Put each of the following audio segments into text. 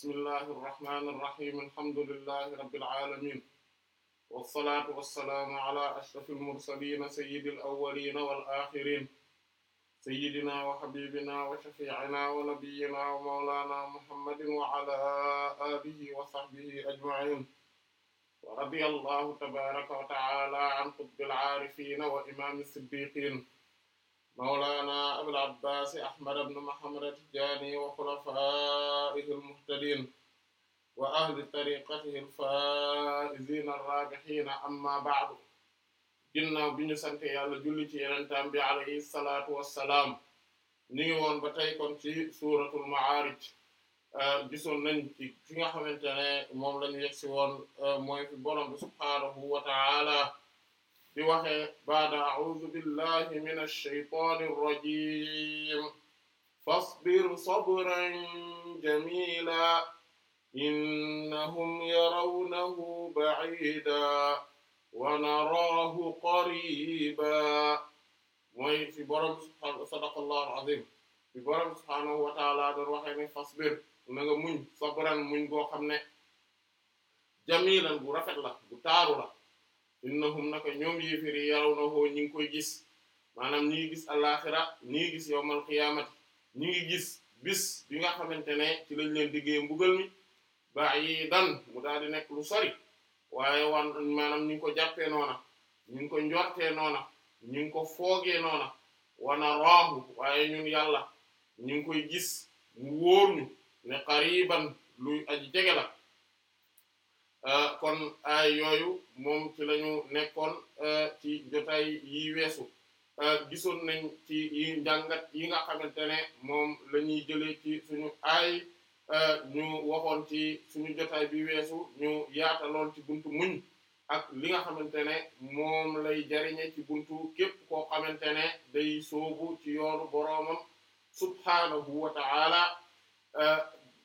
bismillahi irrahmani irrahim alhamdulillahi rabbil alamin wasalaatu wassalaamu ala ashrafil mursalin sayyidil awwalina wal axirin sayyidina wa habibina wa shafi'ina wa nabiyyina wa mawlana muhammadin wa ala alihi wa sahbihi ajma'in wa radiyallahu tabaraka wa ta'ala an qutbil aarifina wa imam siddiqin mawlana abul abbas ahmad ibn muhammad at-tijani wa khulafaihi al-muhtadin wa ahli tariqatihi al-faizin ar-rabihin amma ba'du ginnaaw bi ñu sante yàlla julli ci yenentaan bi alayhi salatu wassalaam ñu ngi woon ba tey kon ci suratul ma'arij euh, gisoon nañ ne moom la ñu yegsi euh, subhaanahu wa di waxee baada a'uudu billahi min ash-shaytaani ar-rajiim fasbir sabran jamila innahum yarawnahu ba'ida wa naraahu qariba mooy fi borom sadaqallahu al-azim fi borom subhaanahu wa ta'aala doon waxee ne fasbir na nga muñ sabran muñ boo xam ne jamilan bu rafet la bu taaru la innahum naka ñoom yéefér yi yarawnahu ñi ngi koy gis maanaam ñi gis àllaaxira ñi gis yawmal qiyaamati ñi ngi gis bis bi nga xamante ne ci lañ leen diggee mbugal mi ba'idan mu daal di nekk lu sori waaye wan maanaam ñi ngi ko jàppee noona ñi ngi ko njortee noona ñi ngi ko foogee noona wana raahu waaye ñun yàlla ñi ngi koy gis mu wóor ñu ne qariban luy aji la Euh, kon ay euh, yooyu moom ci lañu ñu nekkoon euh, ci jotaay yi weesu gisoon nañ ci yi njàngat yi nga xamante ne moom la ñuy jëlee ci suñu aay ñu waxoon ci suñu jotaay bi weesu ñu yaataloon ci buntu muñ ak li nga xamante ne moom lay jariñe ci buntu képp koo xamante ne day soobu ci yooru boroomam subhaanahu wa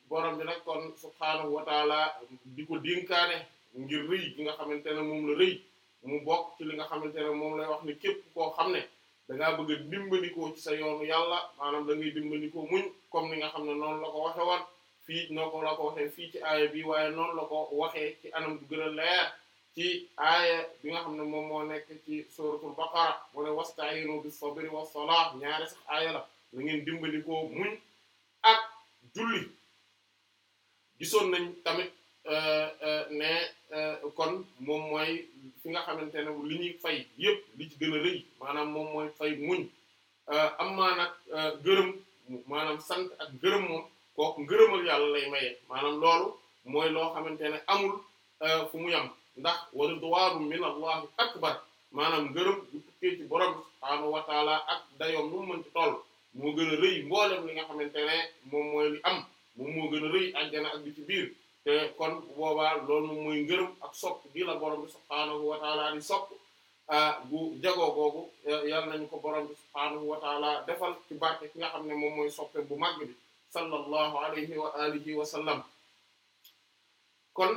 borom bi nag kon subhaanahu wa taala di ko dénkaane ngir rëy nga xamante ne moom la rëy mu bokk ci li nga xamante ne moom lay wax ni képp koo xam ne dangaa bëgg a dimbandikoo ci sa yoonu yàlla maanaam da ngay comme ni nga xam ne noonu la ko waxe woon fii noo la ko waxee fii ci aaya bi waaye noonu la ko waxee ci anam bu gën a ci aaya bi nga xam ne moom moo nekk ci suratul baqara mu ne wasta'inu bis sabri was salah ñaari sax aaya la da ngeen dimbandikoo muñ ak julli gisoon nañ tamit euh, euh, ne euh, kon moom fi nga xamante ne li ñuy fay yépp li ci gën a rëy maanaam moom mooy fay muñ am maa nag gërëm maanaam sant ak gërëm moom kooku ngërëmal yàlla lay maye maanaam loolu mooy loo xamante ne amul fu mu yam ndax wa ridwaanu min allahi akbar maanaam ngërëm bu tukkee ci borom subhaanahu ak dayoom nu mu mën ci toll moo rëy mboolem li nga xamante ne moom mooy li am moom moo gën a rëy àjjana ak bi ci biir te kon boobaa lool moom mooy ngërëm ak sopp bi la borom bi subhaanahu wa taala sopp ah, bu jagoo googu eh, yàlla nañu ko borom bi subhaanahu wa defal ci barke ki nga xam ne moom mooy soppee bu màgg bi sallallahu alayhi wa alihi wa sallam kon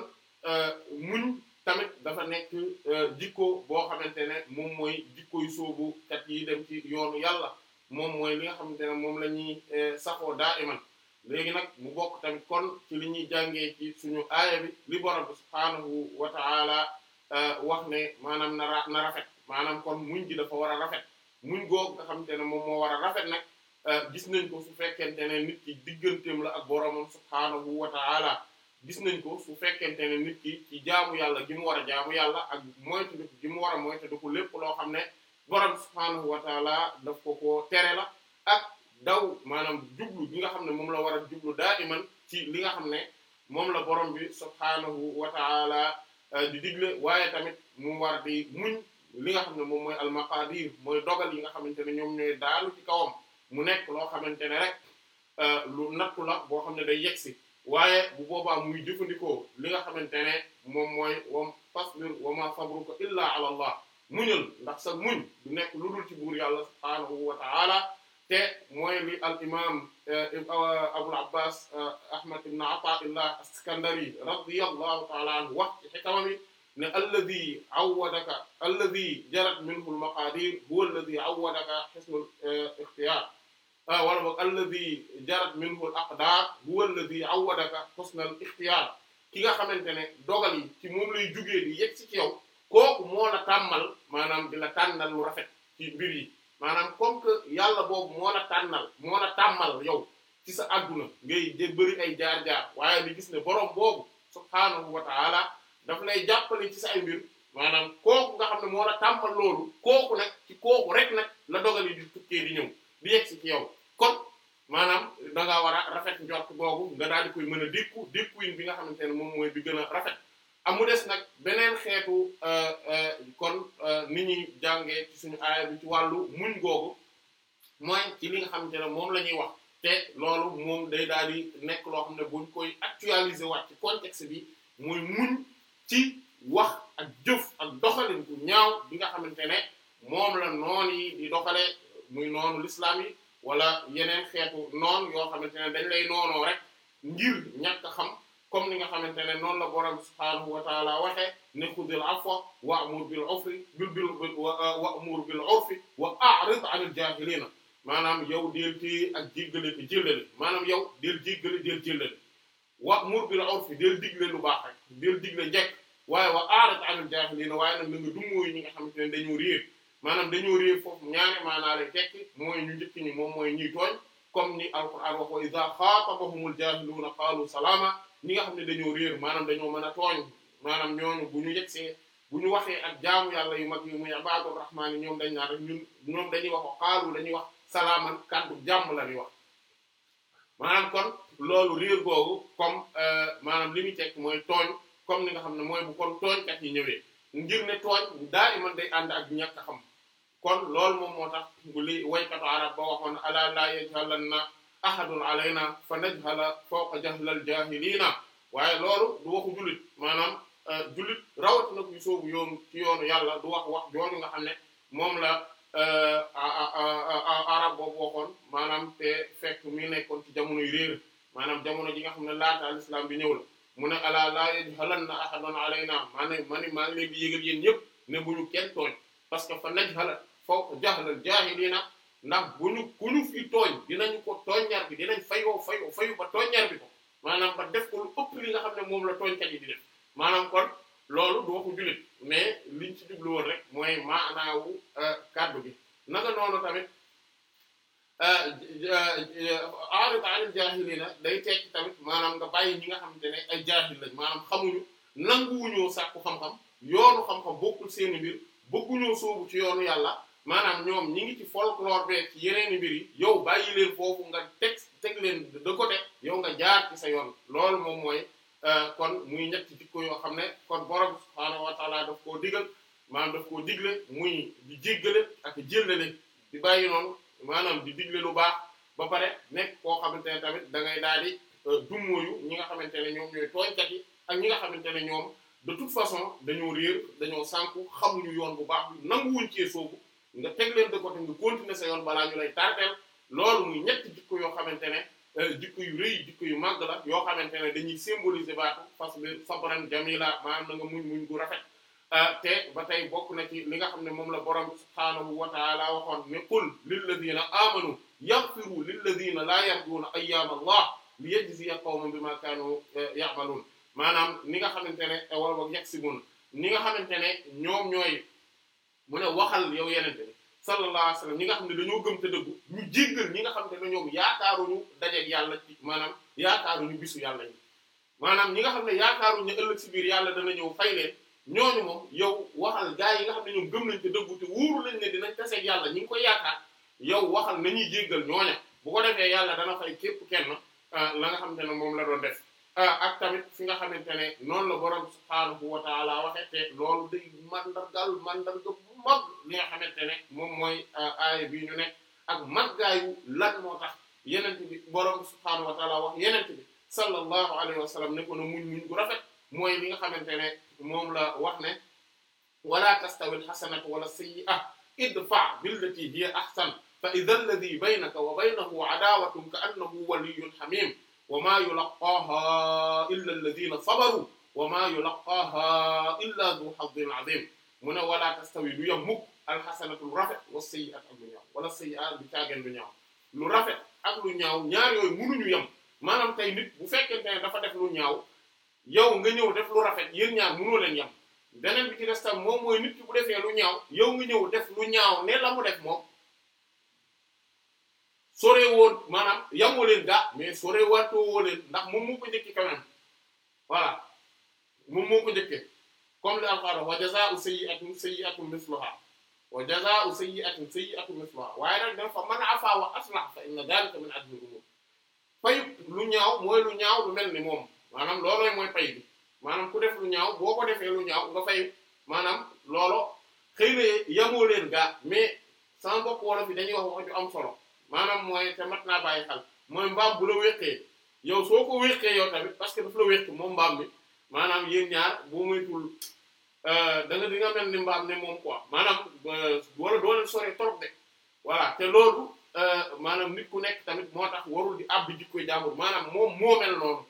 eh, muñ tamit dafa nekk eh, jikko boo xamante ne moom mooy jikkoy sóobu kat yi dem ci yoonu yàlla moom mooy li nga xamante ne moom la ñuy saxoo daa iman léegi nag mu bokk tamit kon ci li ñuy jàngee ci suñu aaya bi li borom bi subhaanahu euh, wax ne maanaam na ra na rafet maanaam kon muñ gi dafa war a rafet muñ googu nga xamante ne moom moo war a rafet nag euh, gis nañ ko su fekkee ne la ak boromam subhaanahu wa ta'ala gis nañ ko su fekkente ne nit ki ci jaamu yàlla gi mu war a jaamu yàlla ak moytu gi mu war a moytu lépp loo xam ne borom subhaanahu wa daf ko ko tere la ak. daw maanaam jublu bi nga xam ne moom la war a jublu daa iman ci li nga xam ne moom la borom bi subhaanahu wa taala euh, di digle waaye tamit mu war di muñ li nga xam ne moom mooy almaqadir mooy dogal yi nga xamante ne ñoom ñooy daal ci kawam mu nekk loo xamante ne rek euh, lu nattu la boo xam ne day yegsi waaye bu boobaa muy jëfandikoo li nga xamante ne moom mooy wam fasbir wa ma sabruka illa ala allah muñal ndax sa muñ du nekk lu dul ci buur yàlla subhaanahu wa te mooy li al imam eh, abul abbas eh, ahmad ibn ataillah askandari radiyallahu taala anhu wax ci xikama mi ne alladi awwadaka alladi jarat minhu al maqadir huwa alladi awwadaka hisnul eh, ikhtiyar ah, wala boog alladi jarat minhu al aqdar huwa alladi awwadaka husnal ikhtiyar ki nga xamante ne dogal yi ci moom lay jugee di yegg si ci yow kooku moo la tàmmal maanaam di la tànnal lu rafet ci mbir yi maanaam comme que yàlla boobu moo la tànnal moo la tàmmal yow ci sa adduna ngay bëri ay jaar-jaar waaye di gis ne borom boobu subhaanahu wa ta'ala daf lay jàppale ci sa ay mbir maanaam kooku nga xam ne moo la tàmmal loolu kooku nag ci kooku rek nag la dogali di tukkee di ñëw di yegg ci yow kon maanaam da ngaa war a rafet njort googu nga daal di koy mën a dékku dékkuwin bi nga xamante ne moom mooy bi gën a rafet amu ah, des nag beneen xeetu euh, euh, kon euh, ni ñuy jàngee ci suñu aaya bi ci wàllu muñ googu mooy ci li nga xam ne moom la ñuy wax te loolu moom day daal di nekk loo xam ne buñ koy actualiser waat ci contexte bi muy muñ ci wax ak jëf ak doxalin ku ñaaw bi nga xamante ne moom la noon yi di doxale muy noonu lislaam yi wala yeneen xeetu noon yoo xamante ne dañ lay noonoo rek ngir ñàkk xam comme ni nga xamante ne noonu la borom subhaanahu wa taala waxee ne xudil afwa wa'mur bil urfi bil bil bil urfi wa a'rid 'anil jaahiliina maanaam yow deel téye ak jéggale te jéllale maanaam yow deel jéggale deel jéllale wa'mur bil urfi deel digle lu baax rek digle njekk waaye wa a'rid 'anil jaahiliina waaye nag na nga dummóoyu ñi nga xamante ne dañoo réer maanaam dañoo réer foofu ñaari maanaa lay tekki mooy ñu njëkk ñi mooy ñuy tooñ comme ni alquran wax wa idhaa xaatabahumul jaahiluuna qaalu salaama ñi nga xam ne dañoo réer maanaam dañoo mën a tooñ maanaam ñooñu bu ñu yegsee bu ñu waxee ak jaamu yàlla yu mag yu muy ibaadu rahmaan yi ñoom dañ naan rek ñoom dañuy wax xaalu dañuy wax salaaman kàddu jàmm la ñuy wax maanaam kon loolu réer googu comme euh, maanaam li muy teg mooy tooñ comme ni nga xam ne mooy bu kon tooñkat yi ñëwee ngir ne tooñ daay man day ànd ak ñàkk xam kon loolu moom moo tax li waykatu arab ba waxoon ala la yajhalanna ahadun alayna fa najhala fawqa jahlal jahilina waaye loolu du waxu jullit maanaam euh, jullit rawat na ku soobu yoonu ci yoon yàlla du wax wax jooju nga xam ne moom la euh, arab boobu waxoon maanaam te fekk mi nekkoon ci jamonoy réer maanaam jamono ji nga xam ne laata al islam bi mu ne ala laa yajhalanna ahadun alayna maa ne ma ni maa ngi leen di yégal yéen parce que fa najhala fawqa jahlal jahilina ndax bu ñu ku ñu fi tooñ dinañu ko tooññar bi dinañ fayoo fayoo fayu ba tooññar bi ko maanaam ba def ko lu ëpp li nga xam ne moom la tooñkat yi di def maanaam kon loolu du waxu jullit mais liñ ci jublu rek mooy maanaawu euh, kaddu gi naka noonu tamit aarid euh, euh, anil jaahiliina day tekki tamit maanaam nga bàyyi ñi nga xamante ne ay jaahil lañ maanaam xamuñu nanguwuñoo sàkku xam-xam yoonu xam-xam bokkul seeni mbir bëgguñoo soobu ci yoonu yàlla maanaam ñoom ñi ngi ci folklore beeg ci yeneen i mbir yi yow bàyyi leen foofu nga teg teg leen da de côté yow nga jaar ci sa yoon loolu moom mooy euh, kon muy ñetti dikko yoo xam ne kon borom subhaanahu wa taala daf koo digal maanaam daf koo digle muy di jéggale ak jëllale di bàyyi noonu maanaam di digle lu baax ba pare nekk koo xamante ne tamit da ngay daal di euh, dummóoyu ñi nga xamante ne ñoom ñooy tooñkat yi ak ñi nga xamante ne ñoom de toute façon dañoo réer dañoo sànku xamuñu yoon bu baax bi nanguwuñ cee soobu nga teg leen de côté nga continuer sa yoon balaa ñu lay tarteel loolu muy jikko yoo xamante ne euh, jikko yu rëy jikko yu màgg la yoo xamante ne dañuy symboliser baatu fasbir sabran jamila maanaam na nga muñ muñ gu rafet euh, te ba tey bokk na ci li nga xam ne moom la borom subhaanahu wa ta'ala waxoon ne qul lilladina amanu yaghfiru lilladina la yarjuuna ayyaama allah li yajziya qawman bima kaanu euh, ya'maluun maanaam ni nga xamante ne wala boog yaksibun ni nga xamante ne ñoom ñooy mu ne waxal yow yenente bi sallallahu alayhi ñi nga xam ne dañoo gëm te dëggu ñu jéggal ñi nga xam ne dañoo yaakaaruñu dajeeg yàlla ci maanaam yaakaaruñu bisu yàlla yi maanaam ñi nga xam ne yaakaaruñu ëllëg si biir yàlla dana ñëw fay leen ñooñu moom yow waxal gaay yi nga xam ne ñoom gëm nañ te dëggu te wóoru lañ ne dinañ taseeg yàlla ñi ngi koy yaakaar yow waxal nañuy jéggal ñooña bu ko defee yàlla dana fay képp kenn euh, la nga xamante ne moom la doon def euh, ak tamit fi nga xamante ne noonu la borom subhaanahu wa ta'ala waxe te loolu day mandargal mandarga mag li nga xamante ne moom mooy euh, aaya bi ñu nekk ak maggaayu lan moo tax yenent bi borom subhaanahu wa taala wax yenent bi sallallahu alayhi wa sallam ne ko na muñ muñ gu rafet mooy li nga xamante ne moom la wax ne wala tastawi alxasanatu wala sayyi'a idfa billati hiya ahsan fa idha alladhi baynaka wa baynahu adawatun ka annahu waliyyun hamim wa ma yulaqaha illa alladhina sabaru wa ma yulaqaha illa dhu hadhin azim mu ne wala tastawi du yem mukk alxasanatu lu rafet wa sayyi'at ak lu ñaaw wala sayyi'at du caageen lu ñaaw lu rafet ak lu ñaaw ñaar yooyu munuñu yem maanaam tey nit bu fekkente ne dafa def lu ñaaw yow nga ñëw def lu rafet yéen ñaar munoo leen yem beneen bi ci des tam moom mooy nit defee lu ñaaw yow nga ñëw def lu ñaaw ne la mu def moom soreewoon maanaam yamoo leen daa mais soreewaatoo woo leen ndax moom moo ko njëkkee quand même voilà comme li Alxuraan wa jazaa'u sayyi'atin sayyi'atun misluhaa wa jazaa'u sayyi'atin sayyi'atun misluhaa waaye nag dafa man a afaa wa aslaha fa inna dhaalika min azmi al-umuur pay lu ñaaw mooy lu ñaaw lu mel ni moom maanaam loolooy mooy pay bi maanaam ku def lu ñaaw boo ko defee lu ñaaw nga fay maanaam loolo xëy na yamoo leen gaa mais sama mbokk wolof yi dañuy wax wax am folo maanaam mooy te mat naa bàyyi xel mooy mbaam bu la wéqee yow soo ko wéqee yow tamit parce que daf la wéq moom mbaam mi maanaam yéen ñaar boo moytul Euh, da nga di nga mel ni mbaam ne moom quoi maanaam euh, wala doo leen sore trop de voilà te loolu euh, maanaam nit ku nekk tamit moo tax warul di àbb jikko jàmbur maanaam moom moo mel noonu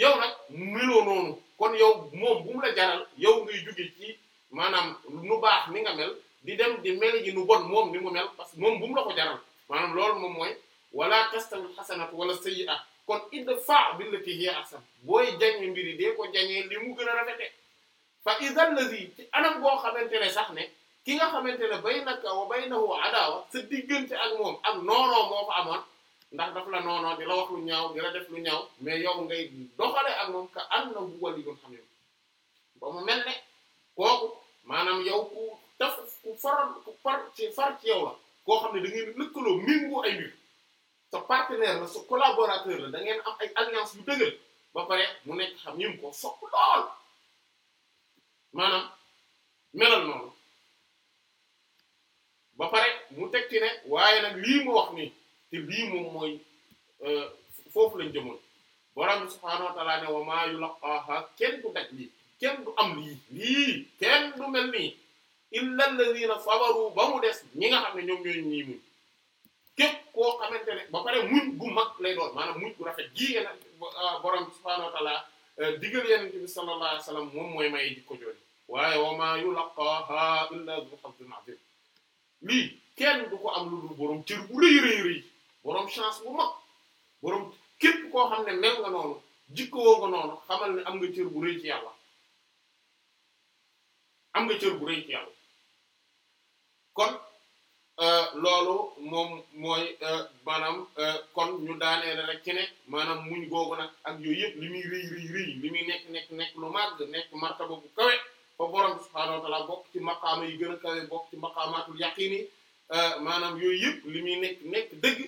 yow nag meloo noonu kon yow moom bu mu la jaral yow ngay jóge ci maanaam nu baax ni nga mel di dem di mel ji nu bon moom ni mu mel parce que moom bu mu la ko jaral maanaam loolu moom mooy wala tastawil xasanatu wala sayyi'atu kon idfa' billatii hiya ahsan booy jañe mbiri dee ko jañee li mu gën a rafete fa idha allazi ci anam boo xamante ne sax ne ki nga xamante ne baynaka wa baynahu adawa sa diggante ak moom ak noonoo moo fa amoon ndax daf la noonoo di la wax lu ñaaw di la def lu ñaaw mais yow ngay doxale ak moom ka annahu waliyyun hamim ba mu mel kooku maanaam yow ku def ku far ci yow la koo xam ne da ngeen lëkkaloo mingu ay mbir sa partenaire la su collaborateur la da ngeen am ay alliance bu dëgër ba pare mu nekk xam ñim ko sopp lool maanaam melal noonu ba pare mu ti ne waaye nag lii mu wax nii te lii moom mooy euh, foofu lañ jëmoon borom bi subhaanahu wa ta'aala ne wa maa kenn du daj lii kenn du am lii lii kenn du mel nii illa alladhiina sabaru ba mu des ñi nga xam ne ñoom ñooy ñii muñ képp koo xamante ne ba pare muñ gu mag lay doon maanaam muñ gu rafet jii ngeen euh, borom bi subhaanahu wa digal yenente bi sallallahu alayhi wasallam moom mooy may jikko jooju waaye wa ma yulaqaha illa zu hazzin azim lii kenn du ko am lu dul boroom cër bu rëy rëy chance bu mag boroom képp koo xam ne mel nga noonu jikko woo nga noonu xamal ne am nga cër bu rëy ci am nga cër bu rëy ci kon Euh, loolu moom mooy euh, maanaam euh, kon ñu daaneele rek ci ne maanaam muñ googu nag ak yooyu yëpp li muy rëy rëy rëy li muy nekk nekk nekk lu màgg nekk martaba bu kawe fa borom bi subhaanahu wa bokk ci maqaama yi gën a kawe bokk ci maqaamaatul yaqiin yi maanaam yooyu yëpp li muy nekk nekk dëgg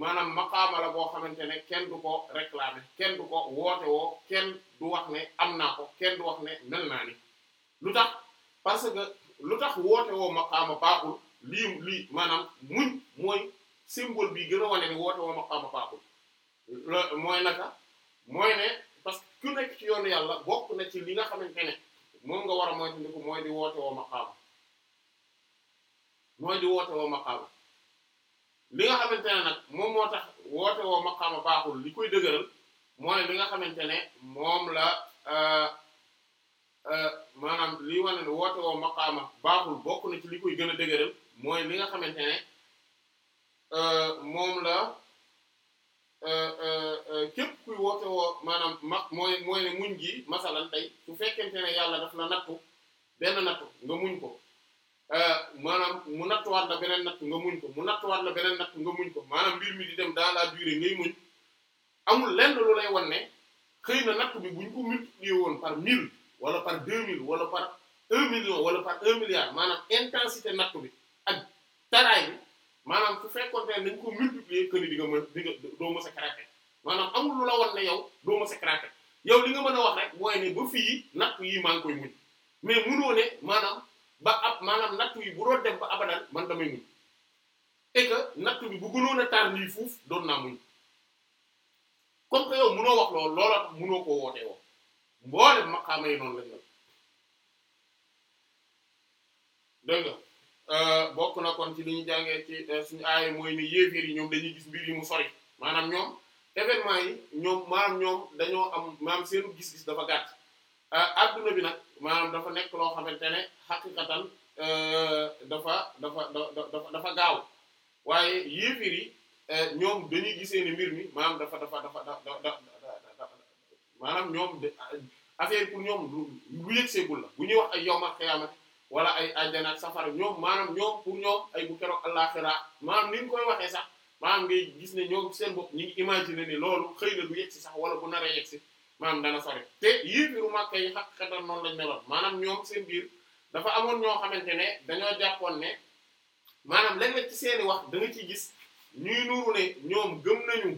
maanaam maqaama boo xamante ne kenn du ko réclamer kenn du ko woote woo kenn du wax ne am naa ko kenn du wax ne mel naa ni lu tax parce que lu tax woote woo maqaama baaxul lii lii maanaam muñ mooy symbole bi gën a wane ni woote woo maqaama baaxul mooy naka mooy ne parce que ku nekk ci yoonu yàlla bokk na ci li nga xamante ne moom nga war a moytandiku mooy di woote woo maqaama mooy di woote woo maqaama tax woote woo maqaama baaxul li koy dëgëral mooy li nga xamante ne moom la euh, euh, maanaam li wane ne woote woo maqaama baaxul bokk na ci li koy gën a dëgëral mooy li nga xamante ne euh, moom la euh, euh, képp kuy woote woo maanaam ma mooy mooy ne muñ gi masalan tey su fekkente ne yàlla daf la nattu benn nattu nga muñ ko maanaam mu nattuwaat la beneen nattu nga muñ ko mu nattuwaat la beneen nattu nga muñ ko maanaam mbir mi di dem dans la durée ngay muñ amul lenn lu lay wan ne xëy na nattu bi buñ ko multiplier woon par mille wala par deux mille wala par un million wala par un milliard maanaam intensité nattu bi teraay bi maanaam su fekkoon ne dañ ko multiplier que ni di nga mën doo mës a craquer maanaam amul lu la won ne yow doo mës a craquer yow li nga mën a wax rek mooy ne ba fii natt yi maan ngi koy muñ mais munoo ne maanaam ba ab maanaam natt yi bu doon dem ba abadan man damay muñ et natt bi bu gënoon a tar nii fuuf doon naa muñ comme ko yow munoo wax loolu looloo munoo koo wootee woo mboolem maqaama yi noonu la dégg nga Euh, bokk na kon ci li ñu jàngee ci euh, suñu aaya mooy ne yéeféer yi ñoom dañuy gis mbir yi mu sori maanaam ñoom événement yi ñoom maanaam ñoom dañoo am maanaam seenu gis-gis dafa gàtt euh, adduna bi maanaam dafa nekk loo xamante ne xaqiqatan dafa dafa dafa dafa gaaw waaye yéeféer yi ñoom dañuy gisee ni mbir mi maanaam dafa dafa dafa da maanaam ñoom affaire pour ñoom lu yëg seegul la bu ñuy wax ay yowmal xiyaamati wala ay àjjana ak safara ñoom maanaam ñoom pour ñoom ay bu keroog àllaaxira maanaam ni koy waxee sax maam ngay gis ne ñoo seen bopp ñi ngi imaginer nii loolu xëy na du yegg sax wala bu naree yegg si maanaam dana sori te yéefiru Makka yi xaqiiqatan noonu lañ meloon maanaam ñoom seen biir dafa amoon ñoo xamante ne dañoo jàppoon ne maanaam léeg ci seeni wax da nga ciy gis ñuy nuuru ne ñoom gëm nañu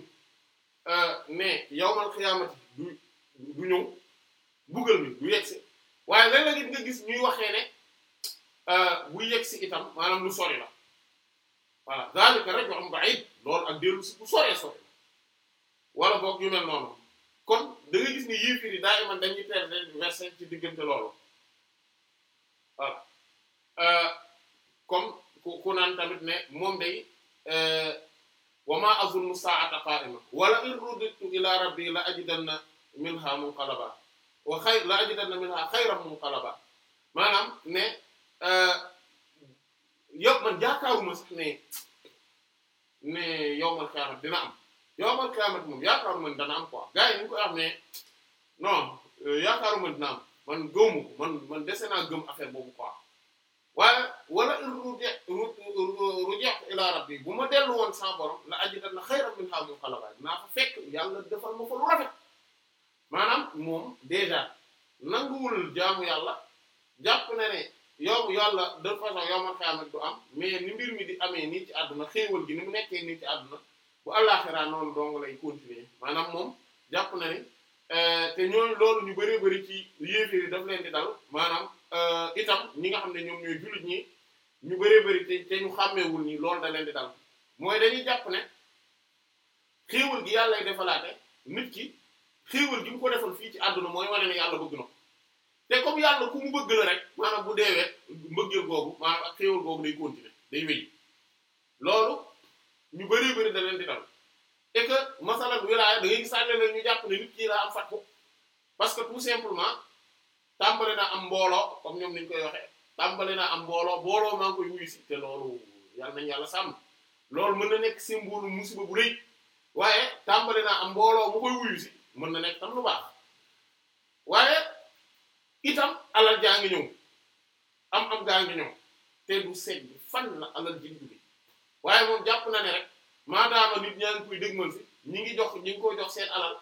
euh, ne yawmal xiyaamati du du ñëw bugal bi du yegg waaye léeg-léeg it nga gis ñuy waxee rek bu euh, yegg si itam maanaam lu sori la voilà zalika raj'un ba'id loolu ak dellu wala boog yu mel noonu kon da nga gis ne yéefir yi verset ci diggante loolu voilà euh, ku ku naan tamit ne moom day euh, wa ma azunnu sa'ata qa'ima wala in ruddidtu ila rabbi la ajidanna minha munqalaba wa khayr la ajidanna minha khayran munqalaba maanaam ne Euh, yo man yaakaaruma sax ne ne yowmal xiyaamat dina am yowmal xiyaamat moom yaakaaruma ne dana am quoi gars yi ñu ngi koy wax ne non euh, dina am man gëmu man dese naa gëm affaire boobu ko waaye wala in ruja ruja ila rabbi bu ma dellu woon sans borom la ajidanna xayran minhaa munqalaban naa fa fekk yàlla defal ma fa lu rafet maanaam moom déjà nanguwul jaamu yàlla jàpp na ne. yow yàlla de façon yow man xaaral du am mais ni mbir mi di amee nit ci àdduna xéewal gi ni mu nekkee nii ci àdduna bu àllaaxira noonu dong lay continuer maanaam moom jàpp na ni euh, te ñooñu loolu ñu bëree bëri ci yéeféer yi daf leen di dal maanaam euh, itam ñi nga xam ne ñoom ñooy jullit ñi ñu bëree bëri te te ñu xàmmeewul nii loolu da leen di dal mooy dañuy jàpp ne xéewal gi yàlla lay defalaate nit ki xéewal gi mu ko defal fii ci àdduna mooy wane yàlla bëgg na ko te comme yàlla ku mu bëgg la rek maanaam bu deewee mbëggeel googu maanaam ak xéewal googu day continuer day wéy loolu ñu bari bari da leen di dal et que masalan wilaaya da ngay gis àndal ñu jàpp ne nit ki daa am fattu parce que tout simplement tàmbale na am mbooloo comme ñoom ni ñu koy waxee tàmbale na am mbooloo mbooloo maa ngi yàlla sàmm loolu mën na nekk symbole musiba bu waaye tàmbale na am mbooloo mu koy wuyu si mën na nekk tam lu baax waaye. itam alal jaa ngi ñëw am am gaa ngi ñëw te du seet bi fan la alal ji jóge waaye moom jàpp na ne rek maadaama nit ñaa ngi koy dégmal si ñi ngi jox ñi ngi ko jox seen alal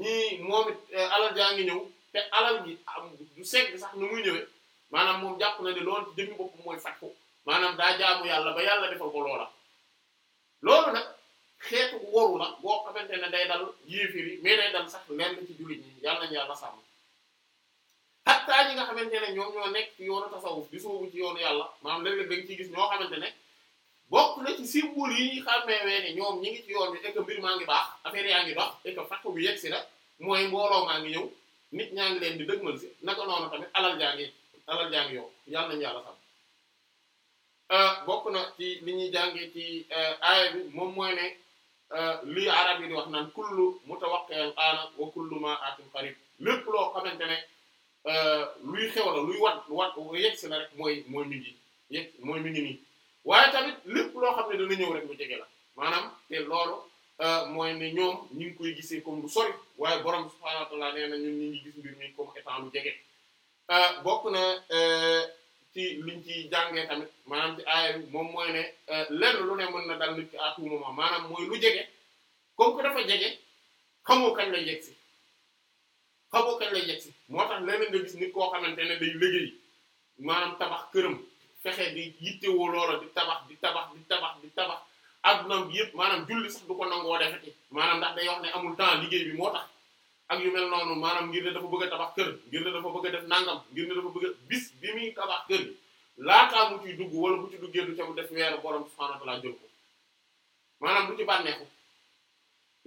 ñii moom it eh, alal jaa ngi ñëw te alal ji am du seet bi sax nu muy ñëwee maanaam moom jàpp na ne loolu ci jëmmi bopp mooy faj maanaam daa jaamu yàlla ba yàlla defal ko loola loolu nag xeetu woru la boo xamante ne day dal yéefiri mais day dal sax lenn ci jullit ñi yàlla nañu yàlla sàmm xattaa ñi nga xamante ne ñoom ñoo nekk ci yoonu tasawuf di soobu ci yoonu yàlla maanaam léeg-léeg da gis ñoo xamante ne bokk na ci symbole yi xammeewee ne ñoom ñi ngi ci yoon bi mbir maa ngi baax affaire yaa ngi dox et que fàq bu yegg si la mooy mbooloo maa ngi ñëw nit ñaa ngi leen di dëgmal si naka noonu tamit alal jaa ngi alal jaa yow yàlla nañu yàlla xam euh, bokk na ci li ñuy jàngee ci euh, aaya bi moom mooy ne euh, lii arab yi di wax naan kullu mutawaqqi al ana wa kullu ma loo xamante ne Euh, luy xew la luy wat wat yegg si na rek mooy mooy mi ngi yegg mooy mi ngi waaye tamit lépp loo xam ne dana ñëw rek lu jege la maanaam te loolu euh, mooy ne ñoom ñu ngi koy gisee comme lu sori waaye borom subhaanahu wa ta'aala nee na ñun ñu gis mbir mi comme étant lu jege euh, bokk na ci liñ ci jàngee tamit maanaam ci aaya bi moom mooy ne lenn lu ne mën na dal nit ki à maanaam mooy lu jege comme que dafa jege xamoo kañ lay yegg si. xamoo kañ lay yegg si moo tax leneen nga gis nit koo xamante ne day liggéey maanaam tabax këram fexe di yittewoo loola di tabax di tabax di tabax di tabax adduna bi yëpp maanaam julli sax du ko nangoo defeti maanaam ndax day yox ne amul temps liggéey bi moo tax ak yu mel noonu maanaam ngir ne dafa bëgg a tabax kër ngir ne dafa bëgg a def nangam ngir ne dafa bëgg bis bi muy tabax kër gi laataa mu ciy dugg wala bu ci duggee du ca mu def weeru borom subhaanahu wa ta'aala jël ko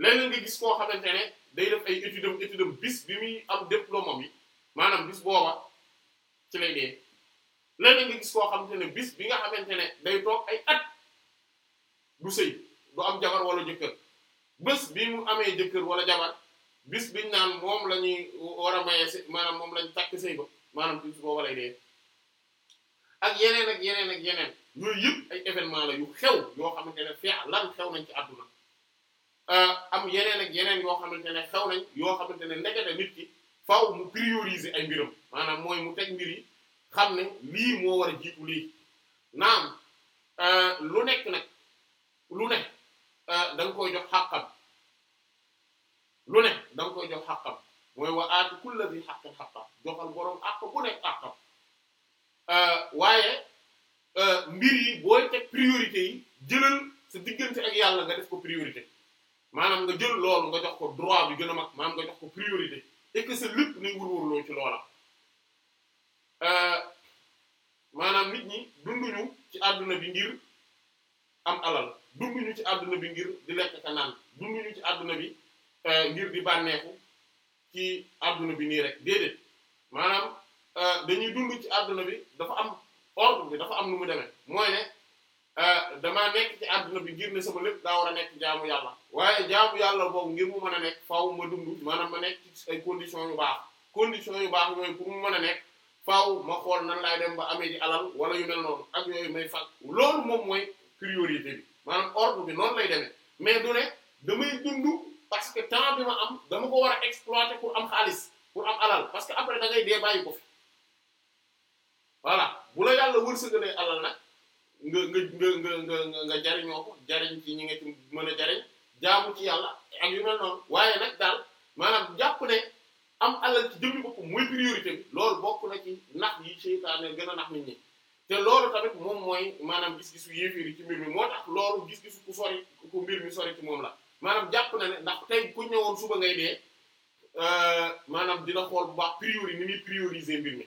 leneen nga gis koo xamante ne day def ay études am bis bi muy am diplôme am yi maanaam bis booba ci lay dee leneen nga gis koo xamante ne bis bi nga xamante ne day toog ay at du sëy du am jabar wala jëkkër bés bi mu amee jëkkër wala jabar bis biñ naan moom la ñuy war a maye si maanaam moom la ñu takk sëy ba maanaam bis booba lay dee ak yeneen ak yeneen ak yeneen yooyu yëpp ay événement la yu xew yoo xamante ne fee lan xew nañ ci àdduna Euh, am yeneen ak yeneen yoo xamante ne xew nañ yoo xamante ne ndekete nit ki faaw mu prioriser ay mbiram maanaam mooy mu teg mbir yi xam ne lii moo war a jiitu lii naam euh, lu nekk nag lu ne euh, danga nga koy jox xàqam lu ne da nga koy jox xàqam mooy wa aatu kulla bi xàqin xàqam joxal boroom àq bu nekk xàqam waaye mbir yi booy teg priorité yi jëlal sa diggante ak yàlla nga def ko priorité maanaam nga jël loolu nga jox ko droit bi gën a mag maanaam nga jox ko priorité et que c'est lépp ni wurwurloo ci loola euh, maanaam nit ñi dunduñu ci àdduna bi ngir am alal dunduñu ci àdduna bi ngir di lekk ka naan dunduñu ci àdduna bi euh, ngir di bànneexu ci àdduna bi nii rek déedéet maanaam euh, dañuy dund ci àdduna bi dafa am ordre bi dafa am nu mu demee mooy ne Euh, damaa nekk ci àdduna bi ngir ne sama lépp daa war a nekk jaamu yàlla waaye jaamu yàlla boobu ngir mu mën a nekk faaw ma maanaam ma nekk ci ay conditions yu baax conditions baax yooyu mu mën a nekk faaw ma xool nan laay dem ba amee ji alal wala yu mel noonu ak yooyu may fàq loolu moom mooy priorité bi maanaam ordre bi noonu lay demee mais du ne damay dund parce que temps bi ma am dama ko war a exploiter pour am xaalis pour am alal parce que après da ngay dee bàyyi ko fi voilà bu la yàlla wërsëgalee alal nag. nga nga nga nga nga jariñoo ko jariñ ci ñi nga ci mën a jariñ jaamu ci yàlla ak yu mel noonu waaye nag daal maanaam jàpp ne am alal ci jëmmi bopp mooy priorité bi loolu bokk na ci nax yi seytaane gën a nax nit ñi te loolu tamit moom mooy maanaam gis-gisu yéeféer ci mbir mi moo tax loolu gis-gisu ku sori ku mbir mi sori ci moom la maanaam jàpp na ne ndax tey ku ñëwoon suba ngay dee euh, maanaam dina xool bu baax priori ni muy prioriser mbir mi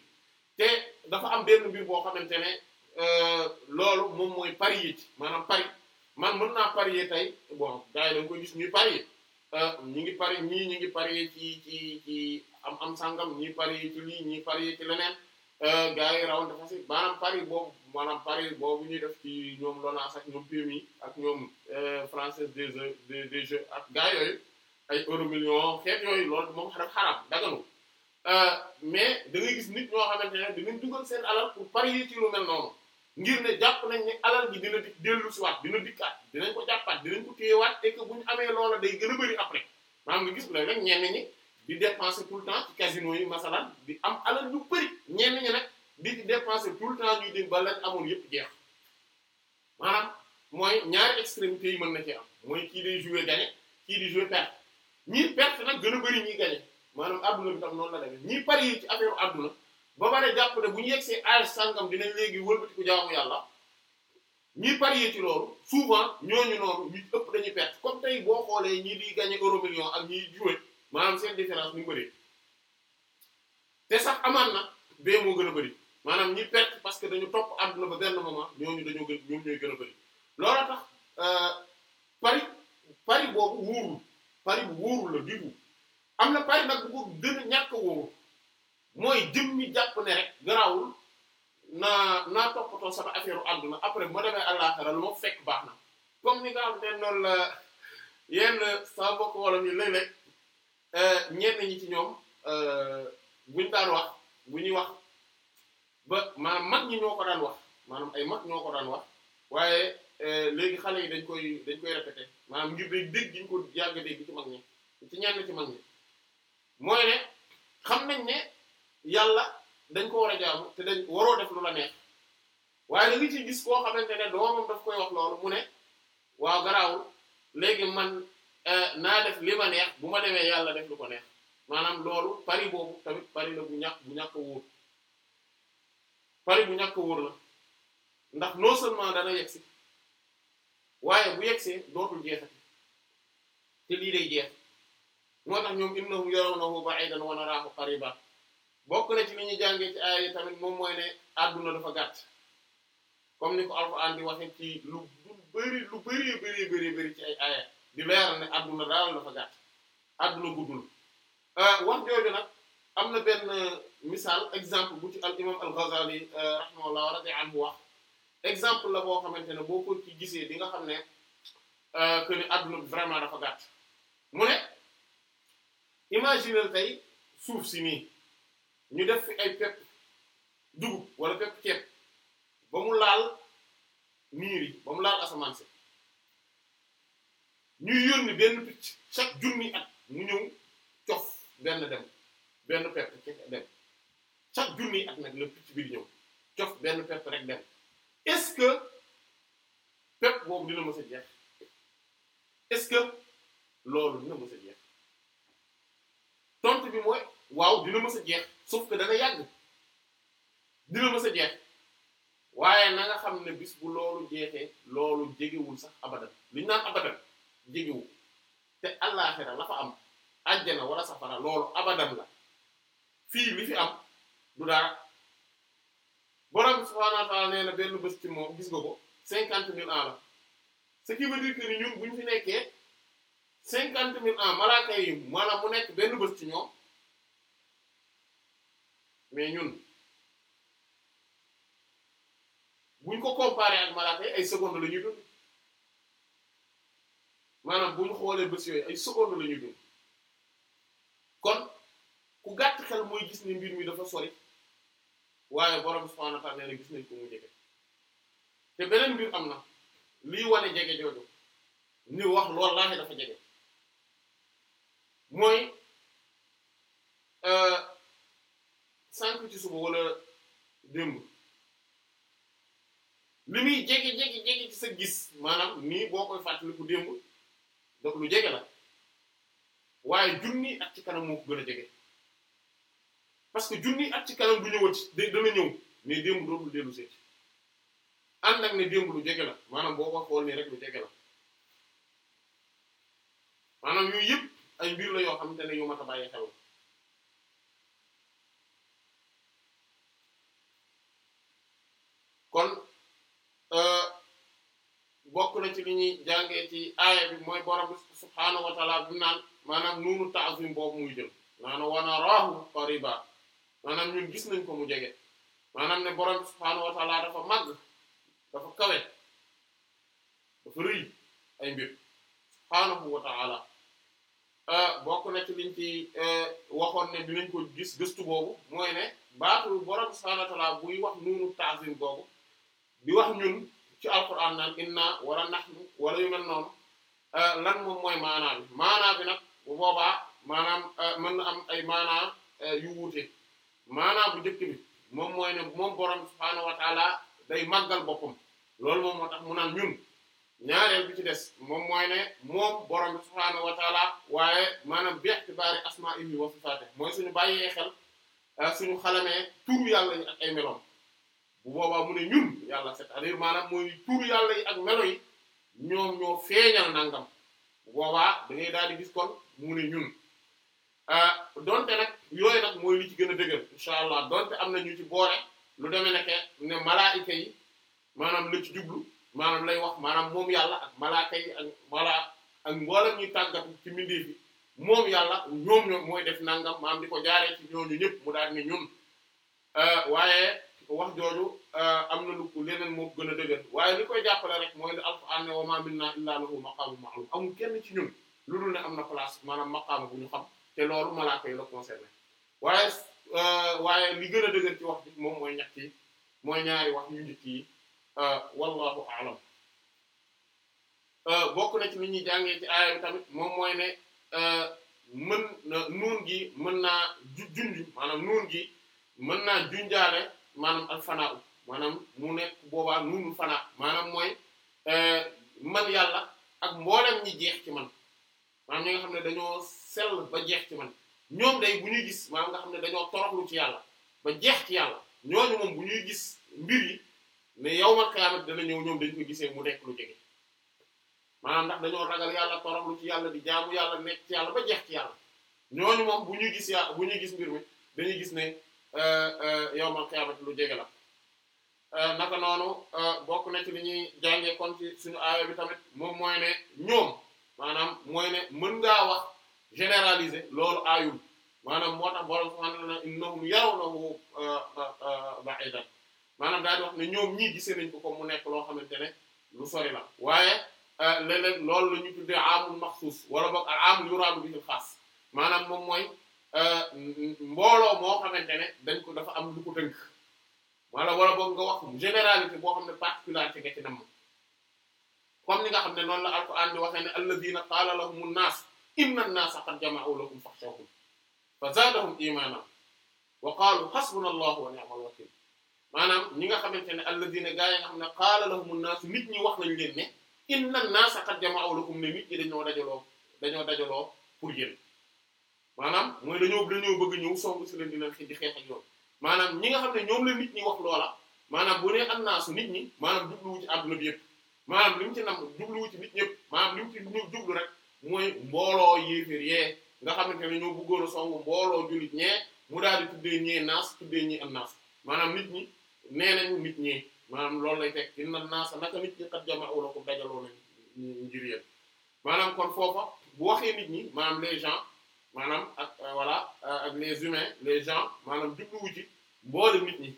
dafa am benn mbir boo xamante ne Euh, loolu moom mooy parier ci maanaam pari man mën naa parier tey bon gars yi koy gis ñuy parier euh, ñi ngi pari ñii ñi ngi parier ci ci ci am am sangam ñii parier ci lii ñii parier ci leneen euh, gars yi rawante fasi maanaam pari boobu maanaam pari boobu ñuy def ci ñoom LONASE ak ñoom PMI ak ñoom Française des des des jeux ak gars yooyu ay euro xeet yooyu loolu moom xaram xaram daganu mais da gis nit ñoo xamante ne dinañ dugal seen alal pour parier ci lu mel noonu ngir ne jàpp nañ ne alal gi dina di dellu si waat dina dikkaat dinañ ko jàppaat dinañ ko téyewaat et que bu ñu amee loola day gën a bëri après maanaam nga gis bu rek ñenn ñi di dépenser tout le temps ci casino yi masalan di am alal yu bëri ñenn ñi nag di ci dépenser tout di temps ñuy amoon yëpp jeex maanaam mooy ñaari extrémités yi mën na cee am mooy kii day jouer gagné kii di jouer perte ñii perte nag gën a bëri ñii gagné maanaam adduna bi tam noonu la demee ñii parier ba pare jàpp ne bu ñu yegsee âge sàngam dinañ léegi wëlbatiku jaamu yàlla ñi parier ci loolu souvent ñooñu noonu ñu ëpp dañuy perte comme tey boo xoolee ñii di gagné euro million ak ñii jouer maam seen différence mu bëri te sax amaan na bee moo gën a bëri maanaam ñi perte parce que dañu topp àdduna ba benn moment ñooñu dañoo gën ñoom ñooy gën a bëri loola euh, pari pari boobu wóorul pari bu wóorul la diggu am na pari nag bu ko gën a ñàkk mooy jëmmi jàpp ne rek garaawul naa naa toppatoo sama affaire àdduna après bu ma demee àllaaxira lu ma fekk baax na comme ni nga xam ne noonu la yenn saa bokk wala ñu léeg-léeg euh, ñenn ñi ci ñoom euh, buñ daan wax bu ñuy wax ba maanaam mag ñi ñoo ko daan wax maanaam ay mag ñoo ko daan wax waaye euh, léegi xale yi dañ koy dañ koy répété maanaam ngir day dégg ñu ko yàgg dégg ci mag ñi ci ñenn ci mag ñi mooy ne xam nañ ne. yàlla dañ ko war a jaamu te dañ waroo def lu la neex waaye da nga ciy gis koo xamante ne doomam daf koy wax loolu mu ne waaw garaawul léegi man eh, naa def li ma neex bu ma demee yàlla def lu ko neex maanaam loolu pari boobu tamit pari la bu ñàkk bu ñàkk a wóor pari bu ñàkk a wóor la ndax non seulement dana yegsi waaye bu yegsee dootul jeexati te lii day jeex moo tax ñoom innahum yarawnahu ba'idan wa naraahu qariban bokk na ci li ñuy jàngee ci aaya tamit moom mooy ne adduna dafa gàtt comme ni ko alxuraan di waxe ci lu lu bëri lu bëri bëri bëri bëri ci ay aaya di leeral ne adduna daal dafa gàtt adduna guddul euh, wax jooju nag am na benn misaal exemple bu ci al imam al Ghazali euh, rahimahullah wa radi exemple la boo xamante ne boo ci gisee di nga xam ne euh, vraiment dafa gàtt mu ne imaginer tey suuf si nii ñu def fi ay pepp dugub wala pepp ceeb ba mu laal niir yi ba mu laal asamaan si ñuy yónni benn picc chaque junni at mu ñëw cof benn dem benn pepp dem chaque junni at nag la picc bi di ñëw cof benn pepp rek dem est-ce que pepp boobu dina mës jeex est-ce que loolu dina mës jeex tontu bi mooy. waaw dina mës a jeex sauf que dana yàgg dina mës jeex waaye na nga xam ne bis bu loolu jeexee loolu jegewul sax abadan li ñu naan abadan jegewul te àllaaxira la fa am àjjana wala safara loolu abadan la fii li fi am du dara borom subhaanahu wa ta'aala nee na benn bés ci moom gis nga ko cinquante mille ans la ce qui veut dire que ni ñun bu fi nekkee cinquante mille ans malaaka yi maanaam mu nekk benn bës ci ñoom. mais ñun buñ ko comparé ak malaaka ay secondes la ñuy dund maanaam bu ñu xoolee bés yooyu ay secondes la ñuy kon ku gàtt xel mooy gis ne mbir mi dafa sori waaye borom subhanahu wa ta'ala nee na gis nañ ko mu jege te beneen mbir am na lii wane jege jooju ni wax lool laaxe dafa jege mooy. Euh, sànq ci suba wala démb li muy jege jege jege ci sa gis maanaam nii boo koy fàttaliku démb donc lu jege la waaye junni at ci kanam moo gën a jege parce que junni at ci kanam du ñëwati dana ñëw mais démb dootul dellu seet ànd ak ne démb lu jege la maanaam boo ko xool nii rek lu jege la maanaam yooyu yëpp ay mbir la yoo xamante ne yu mat a bàyyi xel kon euh, bokk na ci li ñuy jàngee ci aaya bi mooy borom bi subhaanahu wa taala bi naan maanaam nuunu ta'zim boobu muy jël maanaam wa naraahu qariba maanaam ñun gis nañ ko mu jege maanaam ne borom bi subhaanahu wa taala dafa màgg dafa kawe ay mbir subhaanahu wa euh, bokk na ci liñ ci euh, waxoon ne bi dinañ ko gis gëstu boobu mooy ne baatu borom subhaanahu taala buy wax nuunu ta'zim boobu bi wax ñun ci alquran naan inna wala nahnu wala yu mel noonu euh, lan moom mooy maanaa bi maanaa bi nag bu boobaa maanaam euh, mën na am ay maanaa euh, yu wuute maanaa bu njëkk bi moom mooy ne moom borom subhaanahu wa day màggal boppam loolu moom moo tax mu naan ñun ñaareel bi ci des moom mooy ne moom borom subhaanahu wa waaye maanaam bi i'tibaari asmaa'ihi wa sifaatihi mooy suñu bàyyee xel suñu xalamee turu yàlla yi ak ay meloom. bu boobaa mu ne ñun yàlla c'est-à-dire mooy turu yàlla yi ak melo yi ñoom ñoo feeñal nangam bu boobaa daal di gis kon mu ne ñun euh, donte nag yooyu nag mooy li ci gën a dëgër incha allah donte am na ñu ci boore lu demee ne ne malaa yi maanaam la ci jublu maanaam lay wax maanaam moom yàlla ak malaaka yi ak wala ak mboolem ñuy tàggat ci mbindeef moom yàlla ñoom ñoom mooy def nangam maanaam di ko jaaree ci ñooñu ñëpp mu daal ne ñun euh, waaye. wax jooju euh, am na lu leneen moo gën a dëgër waaye li koy jàppale rek mooy li alquran ne wa ma minna illa lahu maqaamu ma'lum amul kenn ci ñun lu dul ne am na place maanaam maqaam bu ñu xam te loolu ma yi la concerné waaye euh, waaye li gën a ci wax bi moom mooy ñax yi mooy ñaari wax ñu njëkk yi euh, wallahu a'lam bokk na ci li ñuy jàngee ci aaya tamit moom mooy ne mën nuun gi mën naa junj maanaam nuun gi mën naa junjaale maanaam al fanaa maanaam mu nekk boobaa nuunu fanaa maanaam mooy euh, man yàlla ak mboolem ñi jeex ci man maanaam ñi nga xam ne dañoo sell ba jeex ci man ñoom day bu ñuy gis maanaam nga xam ne dañoo toroxlu ci yàlla ba jeex ci yàlla ñooñu bu ñuy gis mbir yi mais yow ma xiyaamat dana ñëw ñoom dañ ko gisee mu nekk lu jege maanaam ndax dañoo ragal yàlla toroxlu ci yàlla di jaamu yàlla nekk ci yàlla ba jeex ci yàlla ñooñu moom bu ñuy gis yàlla bu ñuy gis mbir mi dañuy gis ne Euh, euh, yawmal qiyaamati lu jege la euh, naka noonu bokk na ci li ñuy jàngee kon ci suñu aaya bi tamit moom mooy ne ñoom maanaam mooy ne mën ngaa wax généraliser loolu aayul maanaam moo tax borom subhaanahu wa ta'aala innahum yarawnahu ba'iidan maanaam daal wax ne ñoom ñii gisee nañ ko comme mu nekk loo xamante ne lu sori la waaye léeg-léeg loolu la ñu tuddee aamul maxsuus wala boog al aamul yuraadu bi al xaas maanaam moom mooy Euh, mbooloo moo xamante ne dañ ko dafa am lu ko tënk wala wala boog nga wax généralité boo xam ne particularité nga ci nam comme ni nga xam ne noonu la alquran di waxee ne alladina qaala lahumu nnaas inna nnaasa qad jama'u lakum fakhshawhum fa zaadahum imaana wa qaalu hasbuna allahu wa ni'mal wakiil maanaam ñi nga xamante ne alladina gaa yi nga xam ne qaala lahumu nnaas nit ñi wax nañ leen ne inna nnaasa qad jama'u lakum ne nit ñi dañoo dajaloo dañoo dajaloo pour yéen maanaam mooy dañoo dañoo bëgg ñëw song si leen dina di xeex ak ñoom maanaam ñi nga xam ne ñoom la nit ñi wax loola maanaam bu nee am naa su nit ñi maanaam jubluwu ci àdduna bi yëpp maanaam li mu ci nam jubluwu ci nit ñëpp maanaam li mu ñu jublu rek mooy mbooloo yéefér yee nga xamante ne ñoo bëggoon a song mbooloo jullit ñee mu daal di tuddee naas tuddee ñi am naas maanaam nit ñi nee nañu nit ñee maanaam lay fekk dina naasa naka nit ñi kat jama ko dajaloo na ngir yéen maanaam kon foofa bu waxee nit ñi maanaam les maanaam ak euh, voilà euh, ak les humains les gens maanaam jubluwu ci mboolem nit ñi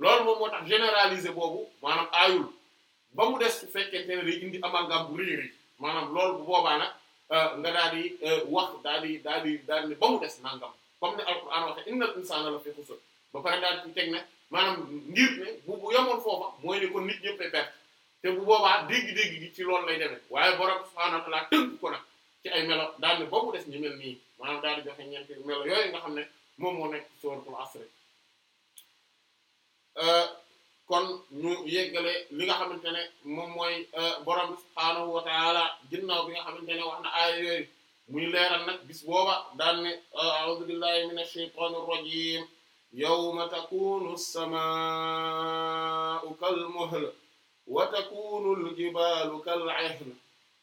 loolu moom moo tax généraliser boobu maanaam aayul ba mu des su fekkente ne day indi amalgame bu réer yi maanaam loolu bu boobaa nag euh, nga daal di wax daal di daal di daal di ba mu des nangam comme ni alquran waxe innal insana la fi xusr ba pare daal di maanaam ngir ne bu bu yemoon foofa mooy ne kon nit ñëpp a perte te bu boobaa dégg-dégg gi ci loolu lay demee waaye borom subhaanahu wa ta'aala tënk ko nag. ci ay melo daal ne boobu des ñu mel nii maanaam daal di joxe ñeenti melo yooyu nga xam ne moom moo nekk suratul asr euh, kon ñu yeggale li nga xamante ne moom mooy euh, borom bi subhaanahu wa taala ginnaaw bi nga xamante ne wax na aaya yooyu muy leeral nag bis booba daan ne euh, a'udhu billahi minash shaytanir rajim yawma takunu as-samaa'u kal muhl wa takunu al-jibaalu kal 'ihn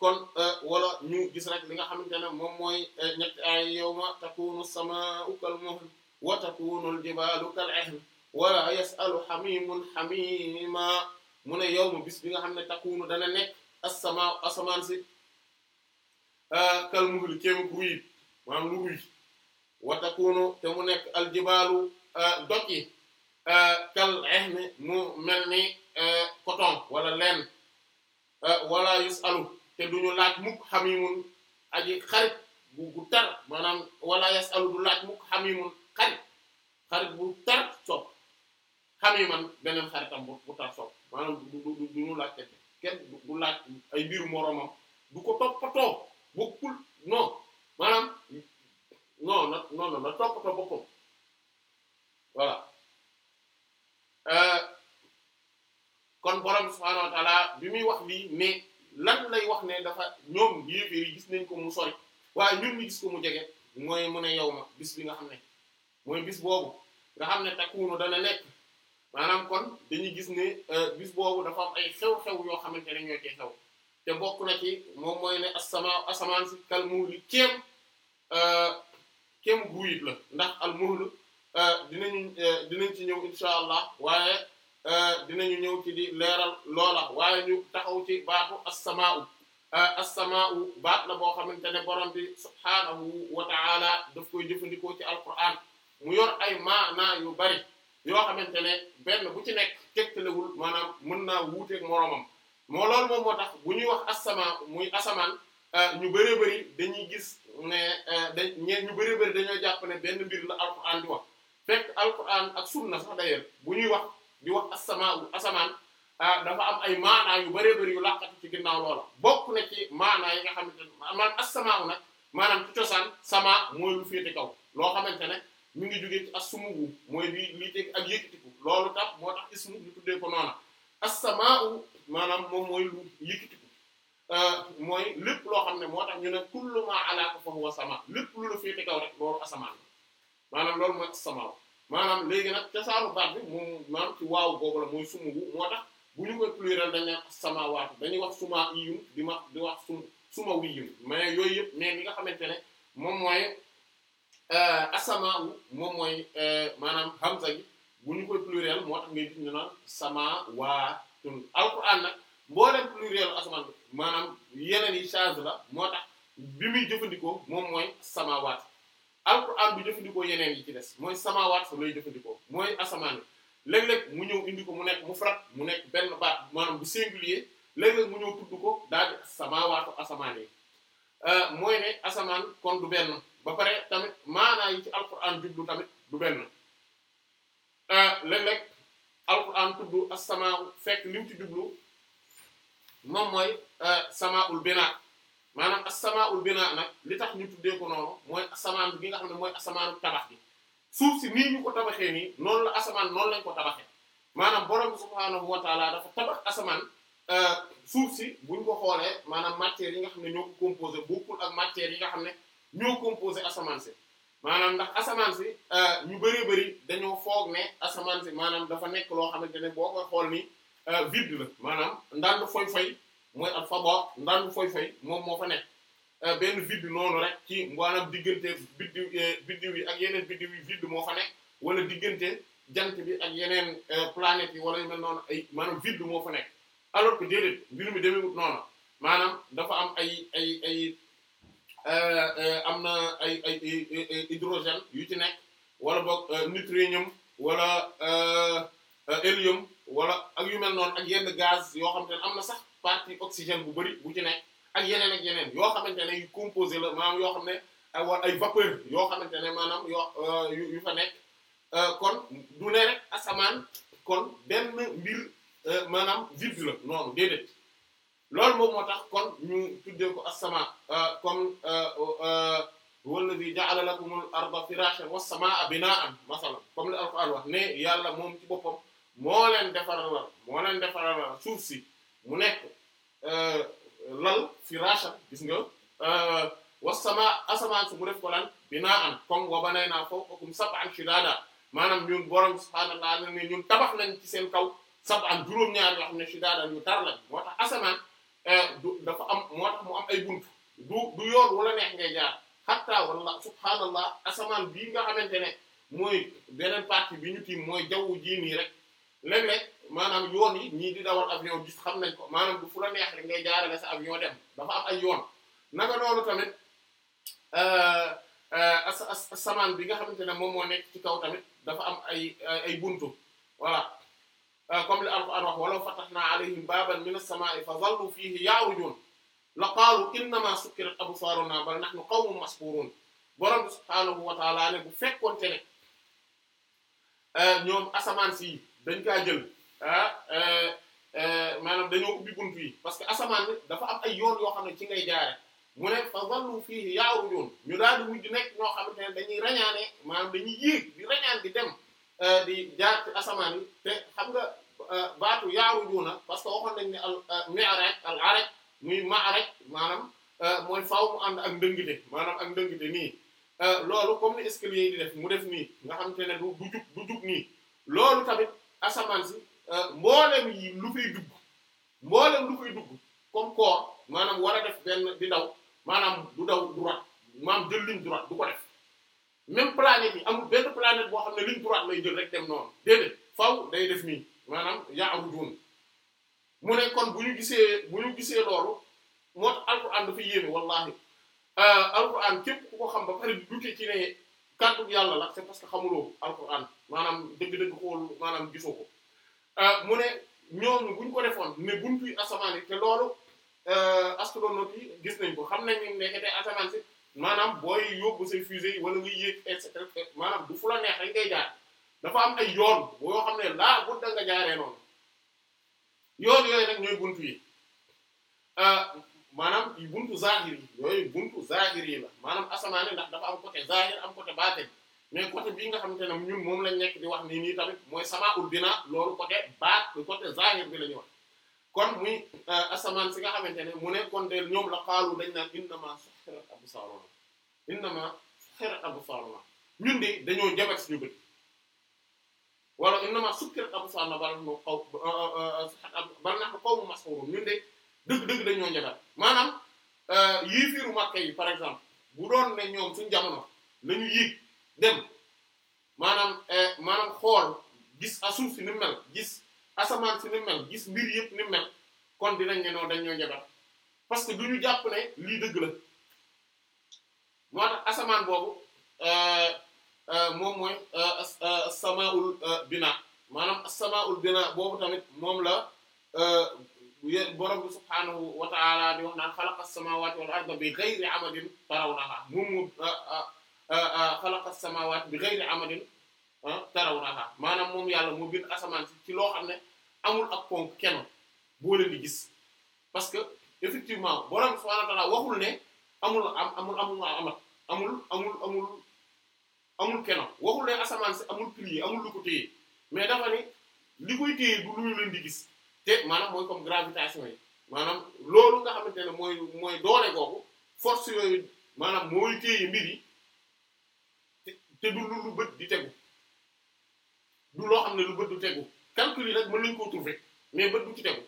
kon euh, wala gis rek li nga xamante ne moom mooy euh, ñetti ay yawma takunu kal muhl wa takunu al mu ne bis bi nga xam ne takunu dana nekk as-samaa'u asamaan euh, lu ruy wa takunu te nekk al jibaalu doj kal ihn mu mel ni coton wala leen wala yas'alu te du ñu laaj mukk xamimun aji xarit bu bu tar maanaam wala yasalu du laaj mukk xamimun xarit xarit bu tar sopp xamiman beneen xaritam bu tar sopp maanaam du du ñu laaj kenn kenn du laaj ay mbiru moromam du ko toppatoo bokkul non maanaam non non non na toppatoo boppam voilà euh, kon borom subhaanahu wa bi muy wax lii mais. lan lay wax ne dafa ñoom yéeféer yi gis nañ ko mu sori waaye ñun ñu gis ko mu jege mooy mu ne yow ma bis bi nga xam ne mooy bis boobu nga xam ne takkuunu dana nekk maanaam kon dañu gis ne euh, bis boobu dafa am ay xew-xew yoo xamante ne ñoo cee xew te bokk na ci moom mooy ne asama asamaan si kalmuhli kéem euh, kéem guuyit la ndax almuhlu euh, dinañu dinañ ci ñëw insha allah waaye Euh, dinañu ñëw ci di leeral loola waaye ñu taxaw ci baatu as-samaa'u euh, as-samaa'u baat la boo xamante ne borom bi subhaanahu wa ta'ala daf koy jëfandikoo ci alquran mu yor ay maanaa yu bari yoo xamante ne benn bu ci nekk tegtalewul maanaam mën naa wuuteeg moroomam moo loolu moom moo tax bu ñuy wax as-samaa muy asamaan euh, ñu bëree bëri dañuy gis ne dañ ñu bëree bëri dañoo jàpp ne benn mbir la alquran di wax fekk alquran ak sunna sax d'ailleurs bu ñuy wax. di wax asamaa asamaan ah, dafa am ay maanaa yu bëree bëri yu laqatu ci ginnaaw loola bokk na ci maanaa yi nga xamante ne maanaam asamaa nag maanaam ci cosaan sama mooy lu féete kaw loo xamante ne mi ngi jógee ci asumuwu mooy li ak yëkkatiku loolu tax moo tax ismu ñu tuddee ko noona asamaa maanaam moom mooy lu yëkkatiku ah, mooy lépp loo xam ne moo tax ñu ne kullu ma alaaka fa huwa sama lépp lu la féete kaw rek loolu asamaan maanaam loolu mooy asamaa maanaam léegi nag cosaanu baat bi moom maanaam ci waaw boobu la mooy sumu wu moo tax bu ñu koy pluriel dañuy wax samawaatu dañuy wax suma iyun di ma di wax sum suma wiyun mais yooyu yëpp mais li nga xamante ne moom mooy euh, asamaa wu moom mooy euh, maanaam hamza bu ñu koy pluriel moo tax ngay gis ñu naan samawaatun alquran nag boo dem pluriel asamaan maanaam yeneen yi change la moo tax bi muy jëfandikoo moom mooy sama waat alquran bi jëfandikoo yeneen yi ci des mooy samawaat fa lay jëfandikoo mooy asamaan léeg-léeg mu ñëw indi ko mu nekk mu farat mu nekk benn baat maanaam bu singulier léeg-léeg mu ñëw tudd ko daal di samawaatu asamaan yi euh, mooy ne asamaan kon du benn ba pare tamit maanaa yi ci alquran jublu tamit du benn euh, léeg-léeg alquran tudd as-samaa fekk li ci jublu moom mooy euh, samaul binaa as-samaa'ul binaa nag li tax ñu tuddee ko noonu mooy asamaan bi nga xam ne mooy asamaanu tabax bi suuf si nii ñu ko tabaxee nii noonu la asamaan noonu lañ ko tabaxee maanaam borom bi subhaanahu wa taala dafa tabax asamaan euh, suuf si buñ ko xoolee maanaam matières yi nga xam ne ñoo composé bokkul ak matières yi xam ne ñoo composé asamaan si maanaam ndax asamaan si euh, ñu bëree bëri dañoo foog ne asamaan si maanaam dafa nekk loo xamante ne boo koy xool ni euh, vide la maanaam ndànk foy-foy mooy ak faba ndànk foy-foy moom moo fa nekk. Euh, benn vide noonu rek ci maanaam diggante euh, biddiw yi ak yeneen biddiw yi vide moo fa nekk wala diggante jant bi ak yeneen euh, planètes yi wala yu mel noonu ay maanaam vide moo fa nekk alors que déedéet mbir mi demewut noonu maanaam dafa am ay ay ay am na ay ay hydrogène yu ci nekk wala boog nitronium wala hélium wala ak yu mel noonu ak yenn gaz yoo xam te ne am na sax partie oxygène bu bari bu ci nekk. ak yeneen ak yeneen yoo xamante ne yu composé la maanaam yoo xam ne ay ay vapeur yoo xamante ne maanaam yoo euh, yu fa nekk euh, kon du ne a samaan kon benn mbir euh, maanaam vide la noonu déedéet loolu moom moo tax kon ñu tuddee ko asamaan comme huwa alladhi ja'ala lakum al-arda firashan was-samaa'a binaa'an masalan comme le Alxuraan wax ne yàlla moom ci boppam moo leen defaral la moo leen defaral la suuf si mu nekk. lal firaasha gis nga euh, wasama asamaan su mu def ko lan binaan comme wa banayna fawqakum sab'an shidada maanaam ñun borom subhaanahu wa ta'aala ne ñun tabax nañ ci seen kaw sab'an juróom-ñaar yoo xam ne shidada ñu tar lañ moo tax asamaan euh, du dafa am moo mu am ay buntu du du yoon wala neex ngay jaar hatta wala subhaanallah asamaan bii nga xamante ne mooy beneen partie bi ñu tiim mooy jaww ji nii rek léeg maanaam yoon yi ñii di dawal avion gis xam nañ ko maanaam du fu la neex rek ngay jaarale sa avion dem dafa am ay yoon naka noonu tamit euh, euh, as as samaan bi nga xamante ne moom moo nekk ci kaw tamit dafa am ay euh, ay buntu voilà comme li Alxuraan wax walaw fatahna alayhim baaban min as-samaa'i fa zallu fiihi ya'rujuun la qaalu innama sukkirat absaaruna bal nahnu qawmun mashuuruun borom bi subhaanahu wa ta'aala ne bu fekkoonte ne ñoom asamaan si dañ kaa jël ah euh, euh, maanaam dañoo ubbi bunt yi parce que asamaan ni dafa am ay yoon yoo xam ne ci ngay jaare mu ne fa zallu fiihi ya'rujuun ñu daal di mujj nekk ñoo xamante ne dañuy rañaane maanaam dañuy yéeg di rañaan di dem euh, di jaar ci asamaan yi te xam nga baatu ya'rujuuna parce que waxoon nañ ne al mi'raj al araj muy ma'raj maanaam mooy faaw mu ànd ak ndëngte maanaam ak ndëngte nii loolu comme ni escalier yi di def mu def nii nga xamante ne du du du jug nii loolu tamit asamaan Euh, mboolem yi lu fay dugg mboolem lu fay dugg comme koor maanaam war a def benn di daw maanaam du daw droite maanaam jël liñ droite du ko def même planète yi amul benn planète boo xam ne ligne droite lay jël rek dem noonu déedéet faw day def nii maanaam yaa amu doon mu ne bu ñu gisee bu ñu gisee loolu moo tax alquran dafa yéeme wallahi euh, alquran képp ku ko xam ba pare di dute ne kàddu yàlla la c'est parce que xamuloo alquran maanaam dëgg-dëgg xool maanaam gisoo ko Ah, mu ne ñooñu bu ñu ko defoon ne buntu yi asamaan yi te loolu euh, astronautes gis nañ ko xam nañ ne nekkete asamaan si maanaam booy yóbbu say fusée yi wala ngay yéeg et maanaam du fula neex rek ngay jaar dafa am ay yoon boo xam ne laa bu da nga jaaree noonu yoon yooyu rek ñooy buntu yi euh, maanaam buntu zahir yi yooyu buntu zahir yi la maanaam asamaan yi ndax dafa am côté zahir am côté baatin mais côté bii nga xamante ne ñun moom lañ nekk di wax nii nii tamit mooy samaul bina loolu côté baat côté zahir bi la ñuy wax kon muy euh, asamaan si nga xamante ne mu ne kon ñoom la xaalu dañ naa innama saxirat absaaruna innama saxirat absaaruna ñun de suñu bët wala innama sukkirat absaaruna bal nahnu xaw euh, euh, dëgg-dëgg dañoo jabat maanaam yii fiiru Makka yi par exemple bu doon ne ñoom suñu jamono lañu yéeg dem maanaam eh, maanaam xool gis asuuf si ni mel gis asamaan si ni mel gis mbir yëpp ni mel kon dinañ ne noonu dañ ñoo njabar parce que du ñu jàpp ne lii dëgg la moo asamaan boobu eh, eh, moom mooy samaul bina maanaam samaul bina boobu tamit moom la borom bi subhaanahu wa di wax naan xalaqa as-samaawaati wal arda bi ghayri amadin tarawnaha moom xalaqa samaawaati bi ghayri amadin tarawnaha maanaam moom yàlla moo bind asamaan si ci loo xam ne amul ak ponk kenn boo leen di gis parce que effectivement borom subhaanahu wa ta'aala waxul ne amul am amul amul amul amul amul amul kenn waxul ne asamaan si amul pilier amul lu ko téye mais dafa ne li koy téye du lu ñu leen di gis te maanaam mooy comme gravitation yi maanaam loolu nga xamante ne mooy mooy doole googu force yooyu maanaam mooy téye mbir te du lu lu bët di tegu du loo xam ne lu bët du tegu calcul yi nag mën nañu koo trouver mais bët du ci tegu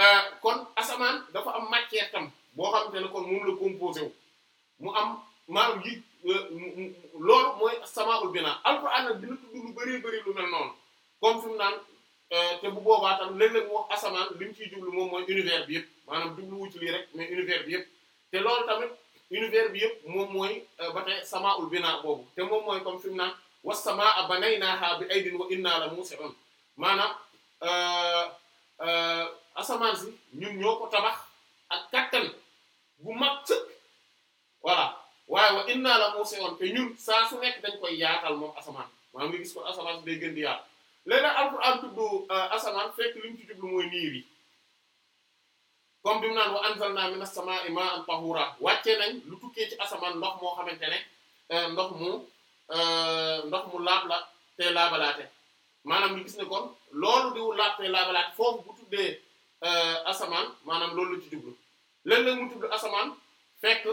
euh, kon asamaan dafa am matière tam boo xamante ne kon moom la composé mu am maanaam yi euh, loolu mooy samaa'ul binaa alxuraan nag dina tudd lu bëri bëri lu mel noonu comme fi naan euh, te bu boobaa tam léeg-léeg mu wax asamaan li mu ciy jublu moom mooy univers bi yëpp maanaam jubluwu ci lii rek mais univers bi yëpp te loolu tamit. univers bi yëpp moom mooy euh, ba sama ul binaa boobu te moom mooy comme fi mu naan was samaa banaynaahaa bi aydin wa innaa la muusi'uun maanaam euh, euh, asamaan si ñun ñoo ko tabax ak kattan bu mag sëkk voilà waaye wa innaa la muusi'uun te ñun saa su nekk dañ koy yaatal moom asamaan maanaam nga gis ko asamaan si day gën di yaatu léeg-léeg alxuraan tudd asamaan fekk li mu ci jublu mooy niir yi. comme bi mu naan wa anzalna minas samaa'i ma'an tahura wàccee nañ lu tukkee ci asamaan ndox moo xamante ne euh, ndox mu euh, ndox mu laab la te laabalaate maanaam lu gis ne kon loolu diwu laab te laabalaate foofu bu tuddee euh, asamaan maanaam loolu la ci jublu léeg-léeg mu tudd asamaan fekk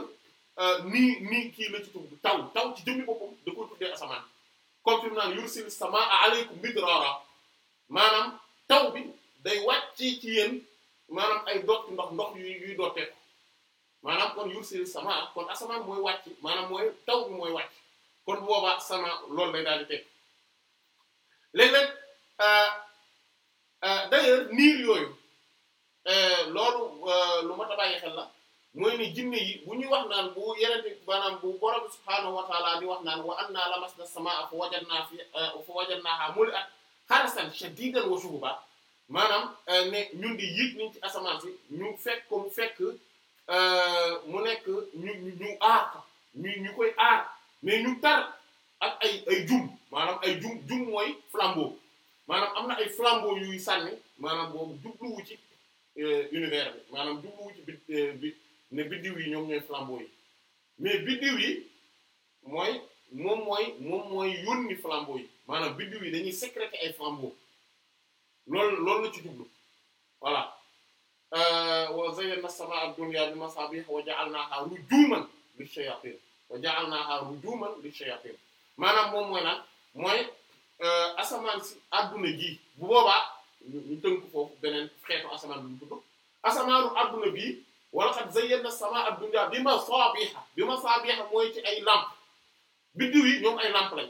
nii nii kii la ci tudd taw taw ci jëmmi boppam da ko tuddee asamaan comme fi mu naan yursil samaa'a alaykum midrara maanaam taw bi day wàccee ci yéen maanaam ay dotti ndox ndox yu yuy dottee ko maanaam kon yursil sama kon asamaan mooy wàcc maanaam mooy taw bi mooy wàcc kon bu boobaa sama lool lay daal di teg léeg-léeg euh, euh, d'ailleurs niir yooyu euh, loolu lu ma ta bàyyi xel la mooy ni jinne yi bu ñuy wax naan bu yerente maanaam bu borom subhaanahu wa ta'ala di wax naan wa anna lamasna samaa fa wajadna fi fa wajadnaha muli'at harasan shadidan wa shuhuba maanaam euh, ne ñun di yéeg nañ ci asamaan si ñu fekk ko mu fekk euh, mu nekk ñu ñu aar ñu ñu koy aar mais ñu tar ak ay ay jum maanaam ay jum jum mooy flambeau maanaam am na ay flambeau yuy sànni maanaam boobu jubluwu ci euh, univers bi maanaam jubluwu ci bit bi ne biddiw yi ñoom ñooy flambeau yi mais biddiw yi mooy moom mooy moom mooy yónni flambeau yi maanaam biddiw yi dañuy sécréter ay flambeau loolu loolu la ci jublu voilà euh, wa zayyana as-samaa'a ad-dunya bi masaabiih wa ja'alnaahaa rujuuman lish-shayaatiin wa ja'alnaahaa rujuuman lish-shayaatiin maanaam moom mooy mooy euh, asamaan si adduna ji bu boobaa ñu tënk foofu beneen xeetu asamaan bi mu tudd asamaanu adduna bii wa laqad zayyana as-samaa'a ad-dunya bi masaabiih bi masaabiih mooy ci ay lamp biddiw yi ñoom ay lamp lañ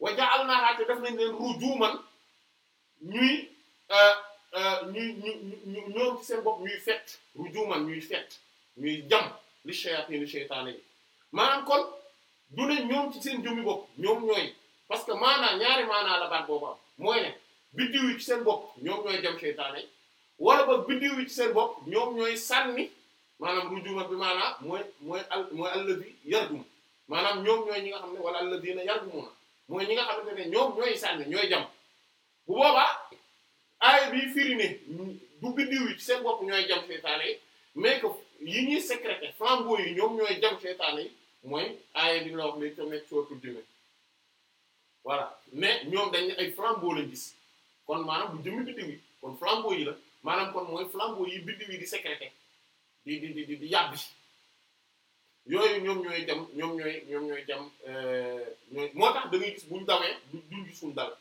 wa ja'alnaahaa te def nañ leen rujuuman Euh, euh, ñuy ñuy ñu ñu ñoom seen bopp ñuy fet rujuman ñuy fet ñuy jam li shayatin shaytaane yi maanaam kon du ne ñoom ci seen jëmmi bopp ñoom ñooy parce que maanaa ñaari maanaa la baat boobu mooy ne biddiw yi ci seen bopp ñoom ñooy jam shaytaane wala ba biddiw yi ci seen bopp ñoom ñooy sànni maanaam rujuman bi maanaa mooy mooy al mooy allazi yardum maanaam ñoom ñooy ñi nga xam ne wala allazina yardumuna mooy ñi nga xamante ne ñoom ñooy sànni ñooy jam bu boobaa aay bi firi ne du biddiw yi ci seen bopp ñooy jam seytaane yi mais que yi ñuy sécréter flambeaux yi ñoom ñooy jam seytaane mooy aaya la wax léegi mais ñoom dañ ay gis kon maanaam bu jëmi biddiw kon flambeaux yi la maanaam kon mooy flambeaux yi biddiw yi di sécréter di di di yàbbi yooyu ñoom ñooy jam ñoom ñooy ñoom ñooy jam euh, ñooy moo tax da ngay gis buñ dawee duñ gis fuñ dal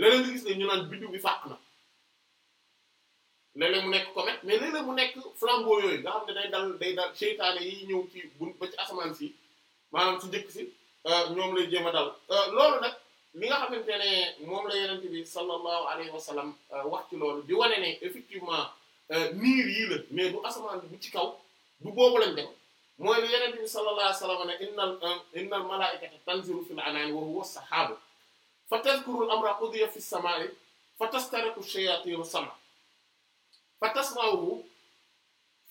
léeg-léeg gis ne ñu naan biddiw bi fàq na léeg-léeg mu nekk comète mais léeg-léeg mu nekk flambeau yooyu nga xam ne day dal day dal seytaane yi ñëw ci bu ba ci asamaan si maanaam su njëkk si euh, ñoom lay jéem a dal euh, loolu nag li nga xamante ne moom la yenente bi sallallahu alayhi wa euh, wax ci loolu di wane ne effectivement niir yii la mais du asamaan bu ci kaw du boobu lañ de mooy li yenente bi sallallahu alayhi wa sallam ne innal innal malaa'ikata tanzilu fil anaani wa huwa fa tadhkuru al-amra qudiya fi as-samaa'i fa tastariqu ash-shayaatiinu as-sam'a fa tasma'uhu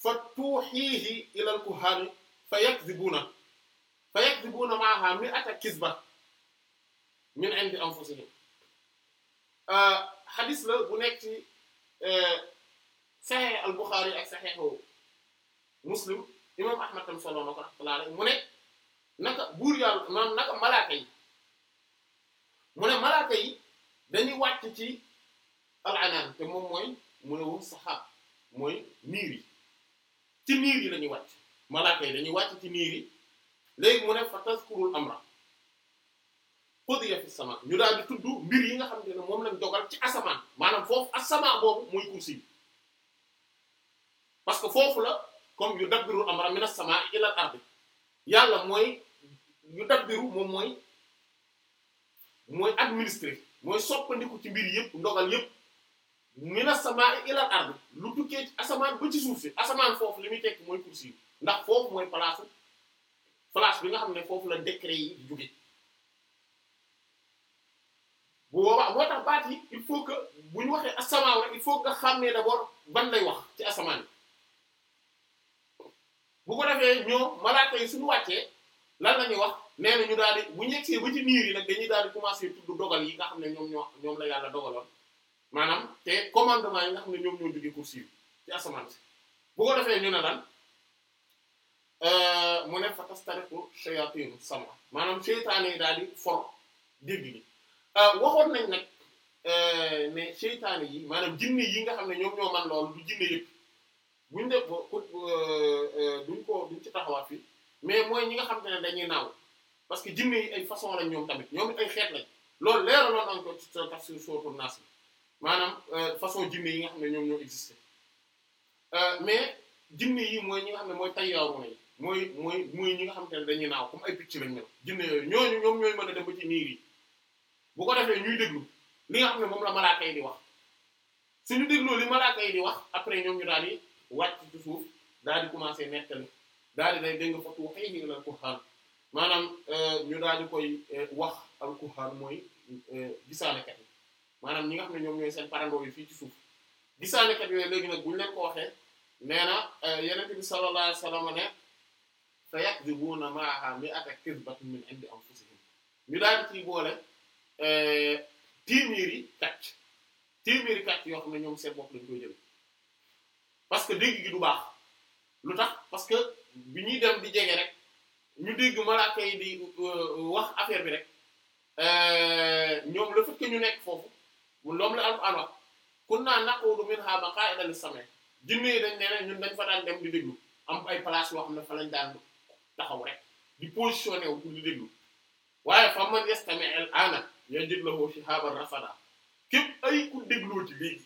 fa tuuhiihi ila al-kuhaani fa yakdhibuuna fa yakdhibuuna ma'ahaa mi'ata kizba min 'indi anfusihim hadis la bu nekk ci saxiix al-Buxaari ak saxiixu Muslim imaam Ahmad tam solo na ko rahmatullahi alayhi mu ne naka buur yàlla maanaam naka malaaka yi mu ne malaaka yi dañuy wàcc ci al te moom mooy mu ne wu saxaab mooy niir yi ci niir yi la wàcc malaaka yi dañuy wàcc ci niir yi léegi mu ne fa tazkurul amra qudiya fi sama ñu daal tudd mbir yi nga xam ne moom lañ dogal ci asamaan maanaam foofu asamaan boobu mooy kursi bi parce que foofu la comme yu dabbirul amra minas samaa'i ilal ardi yàlla mooy yu dabbiru moom mooy mooy administrer mooy soppandiku ci mbir yëpp ndogal yëpp mina samaa ilal ard lu tukkee ci asamaan ba ci suuf si asamaan foofu li muy tekk mooy kursi ndax foofu mooy place place bi nga xam ne foofu la décret yi di jóge moo tax baat yi il faut que bu ñu waxee asamaan la il faut que xam ne d'abord ban lay wax ci asamaan bu ko defee ñoo malaaka yi suñu wàccee lan la ñuy wax nee na ñu daal di bu ñu ba ci niir yi nag dañuy daal di commencer tudd dogal yi nga xam ne ñoom ñoo ñoom la yàlla dogaloon maanaam te commandement yi nga xam ne ñoom ñoo si bu ko defee ñu ne lan euh, mu ne fa tastariqu shayatin sama maanaam seytaane yi daal di for dégg gi euh, waxoon nañ nag euh, ne seytaane yi maanaam jinne yi nga xam ne ñoom ñoo man loolu du jinne yëpp buñ def ko duñ ko duñ ci taxawaat fii mais mooy ñi nga xam te ne dañuy naaw parce que jinne yi ay façon lañ ñoom tamit ñoom it ay xeet lañ loolu leeraloon nañ ko ci tafsir sootul naas bi maanaam euh, façon jinne yi nga xam ne ñoom ñoo existé euh, mais jinne yi mooy ñi xam ne mooy tayyaaw mooy mooy mooy mooy ñi nga xam te ne dañuy naaw comme ay picc lañ mel jinne yooyu ñooñu ñoom a dem ba ci niir yi bu ko defee ñuy déglu li nga xam ne moom la malaaka yi di wax suñu dégloo li malaaka yi di wax après ñoom ñu daal di wàcc ci suuf daal di commencer nettali daal di day dégg nga fottu waxee ñu ngi leen ko xaal maanaam euh, ñu daal di koy euh, wax alkuhaan mooy euh, gisaanekat yi maanaam ñi nga xam ne ñoom ñooy seen parandoo yi fii ci suuf gisaanekat yooyu léegi nag buñu leen ko waxee nee na yenente bi sallallahu alayhi wasallam ne fa yakdibuna maaha mi'ata kizbatin min indi anfusihim ñu daal di ciy boole téeméeri kàcc téeméeri kàcc yoo xam ne ñoom seen bopp lañ koy jël parce que dégg gi du baax lu tax parce que bi ñuy dem di jege rek ñu dégg malaaka yi di euh, wax affaire bi rek euh, ñoom la fekk ñu nekk foofu loom la Alxuraan wax kunna naqudu minha maqa'ida lis-sam'i jinne yi dañ ne ñun dañ fa daan dem di déglu am ay place yoo xam ne fa lañ daan taxaw rek di positionné wu pour di déglu waaye fa man yastami' al-ana yajid lahu shihaban rafada képp ay ku dégloo ci léegi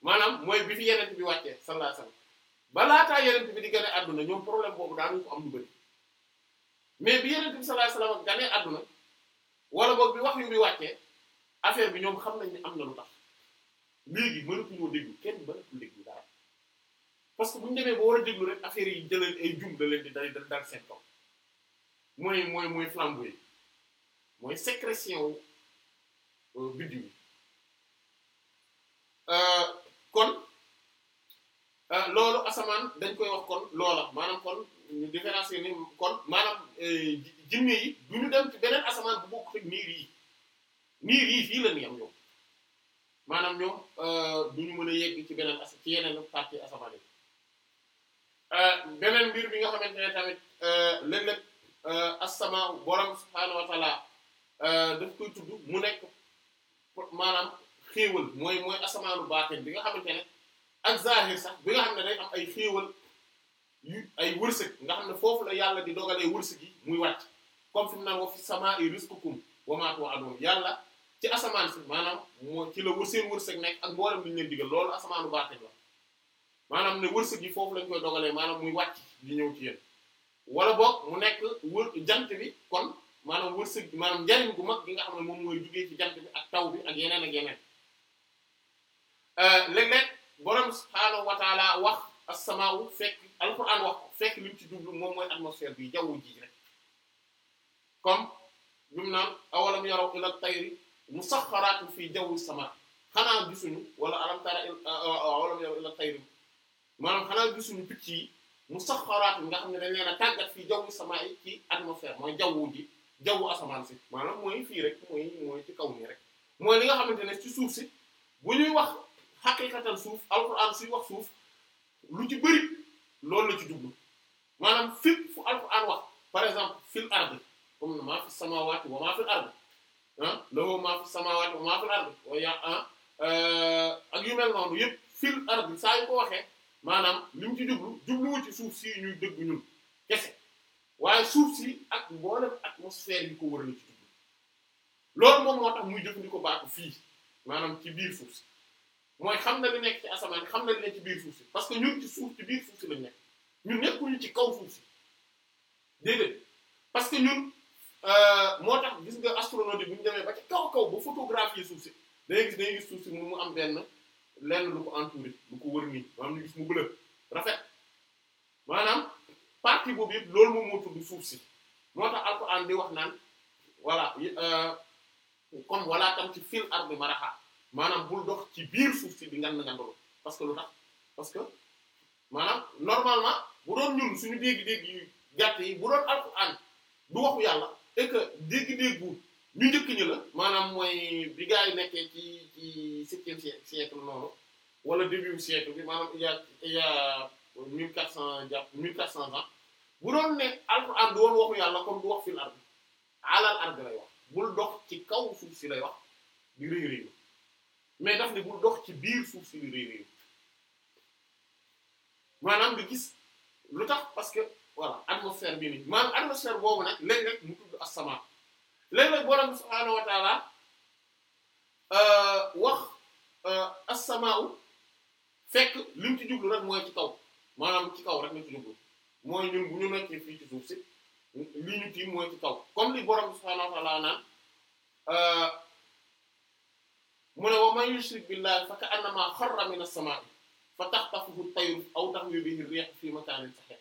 maanaam mooy bi fi yenent bi wàccee sallallahu alayhi wasallam balaataa yenent bi di gën a àdduna ñoom problème boobu daanuñ ko mais bi yeneen bi sallallahu alayhi wasallam ganee àdduna wala boog bi wax yu muy wàccee affaire bi ñoom xam nañ ne am na lu tax léegi mënatuñoo déglu kenn mënatul déglu dara parce que bu ñu demee ba war a déglu rek affaire yi jëlee ay jum da leen di dal dal seen kaw mooy mooy mooy flambeau yi mooy sécrétion euh, biddiw yi euh, kon. asamaan dañ koy wax kon loola maanaam kon ñu différencier ni kon maanaam euh, jinne yi du ñu dem ci beneen asamaan bu bokk ak niir yi niir yi fii la ñuy am ñoom maanaam ñoom euh, du ñu mën a yegg ci beneen ci yeneen partie asamaan yi euh, beneen mbir bi nga xamante ne tamit léeg-léeg asamaa borom subhaanahu wa koy tudd mu nekk maanaam xéewal mooy mooy asamaanu baatin bi nga xamante ne. ak zahir sax bi nga xam ne day am ay xéewal yu ay wërsëg nga xam ne foofu la yàlla di dogalee wërsëg yi muy wàcc comme fi mu naan wa fi samaa'i rizqukum wa maa tu'aduun yàlla ci asamaan si maanaam moo ci la seen wërsëg nekk ak mboolem li ñu leen digal loolu asamaanu baatin la maanaam ne wërsëg yi foofu lañ koy dogalee maanaam muy wàcc di ñëw ci yéen wala boog mu nekk wër jant bi kon maanaam wërsëg maanaam njariñ gu mag gi nga xam ne moom mooy jugee ci jant bi ak taw bi ak yeneen ak yeneen euh, léeg-léeg borom subhaanahu wa taala wax as-samaawu fekk alquran wax fekk li mu ci jublu moom mooy atmosphère bi jaww ji rek comme ñu naan awalam yaraw ilal tayri musaxxaraatin fii jawwi samaa xanaa gisuñu wala alam tara awalam yaraw ilal tayri yi musaxxaraatin nga xam ne dañ leen a fii jawwi samaa ci atmosphère mooy jaww ji jawwu asamaan si maanaam mooy fii rek mooy mooy ci kaw nii rek mooy li nga xamante ne ci suuf si bu ñuy wax. xaqiiqatan suuf alquran suy wax suuf lu ci bëri loolu la ci jublu maanaam fépp fu alquran wax par exemple fil ard comme maa fi samaawaati wa maa maa wa maa fil ard ah, wa ah, eh, ak yu mel noonu yëpp fil ard saa ko waxee maanaam li ci jublu jubluwu ci suuf si ñuy dëgg ñun kese waaye suuf si ak mboolem atmosphère yi ko wër loolu moom moo tax muy jëfandikoo baatu fii maanaam ci biir fuuf si. mooy xam na lu nekk ci asamaan xam na li nekk ci biir suuf si parce que ñun ci suuf ci biir suuf si lañ nekk ñun nekkuñu ci kaw suuf si déedéet parce que ñun euh, moo tax gis nga astronomie bu ñu demee ba ci kaw kaw ba photographie suuf si day gis day gis suuf si mu am benn lenn lu ko entouré lu ko wër nii maanaam ñu mu bële rafet maanaam partie boobu yëpp loolu moom moo tudd suuf si moo tax Alxuraan di wax naan voilà euh, comme wala tam ci fil ardi maraha maanaam bul dox ci biir suuf si di ngand ngandalu parce que lu tax parce que maanaam normalement bu doon ñun suñu dégg-dégg yu gàtt yi bu doon alxuraan du waxu yàlla et que dégg-déggu ñu njëkk ñi la maanaam mooy bi gaa yi nekkee ci ci septième wala début siècle bi maanaam mille quatre cent jàpp mille quatre cent vingt bu doon ne alxuraan du waxu yàlla comme du wax fil ard alal ard lay wax bul dox ci kaw suuf si lay wax di réy réy mais daf ne bul dox ci biir suuf si réer yi maanaam nga gis lu tax parce que voilà atmosphère bi nii maanaam atmosphère boobu nag léeg-léeg mu tudd as-sama léeg borom subhaanahu wa euh, wax euh, as fekk li mu ci jublu rek mooy ci kaw maanaam ci kaw rek ñu ci jublu mooy ñun bu ñu nekkee fii ci suuf si li ñu tiim mooy ci kaw comme li borom subhaanahu wa taala euh, mu ne wa man yushrik billahi fa ka'annama xarra min as-samaa'i fa taxtafuhu tayru aw tahwi bihi riih fi makaanin sahiiq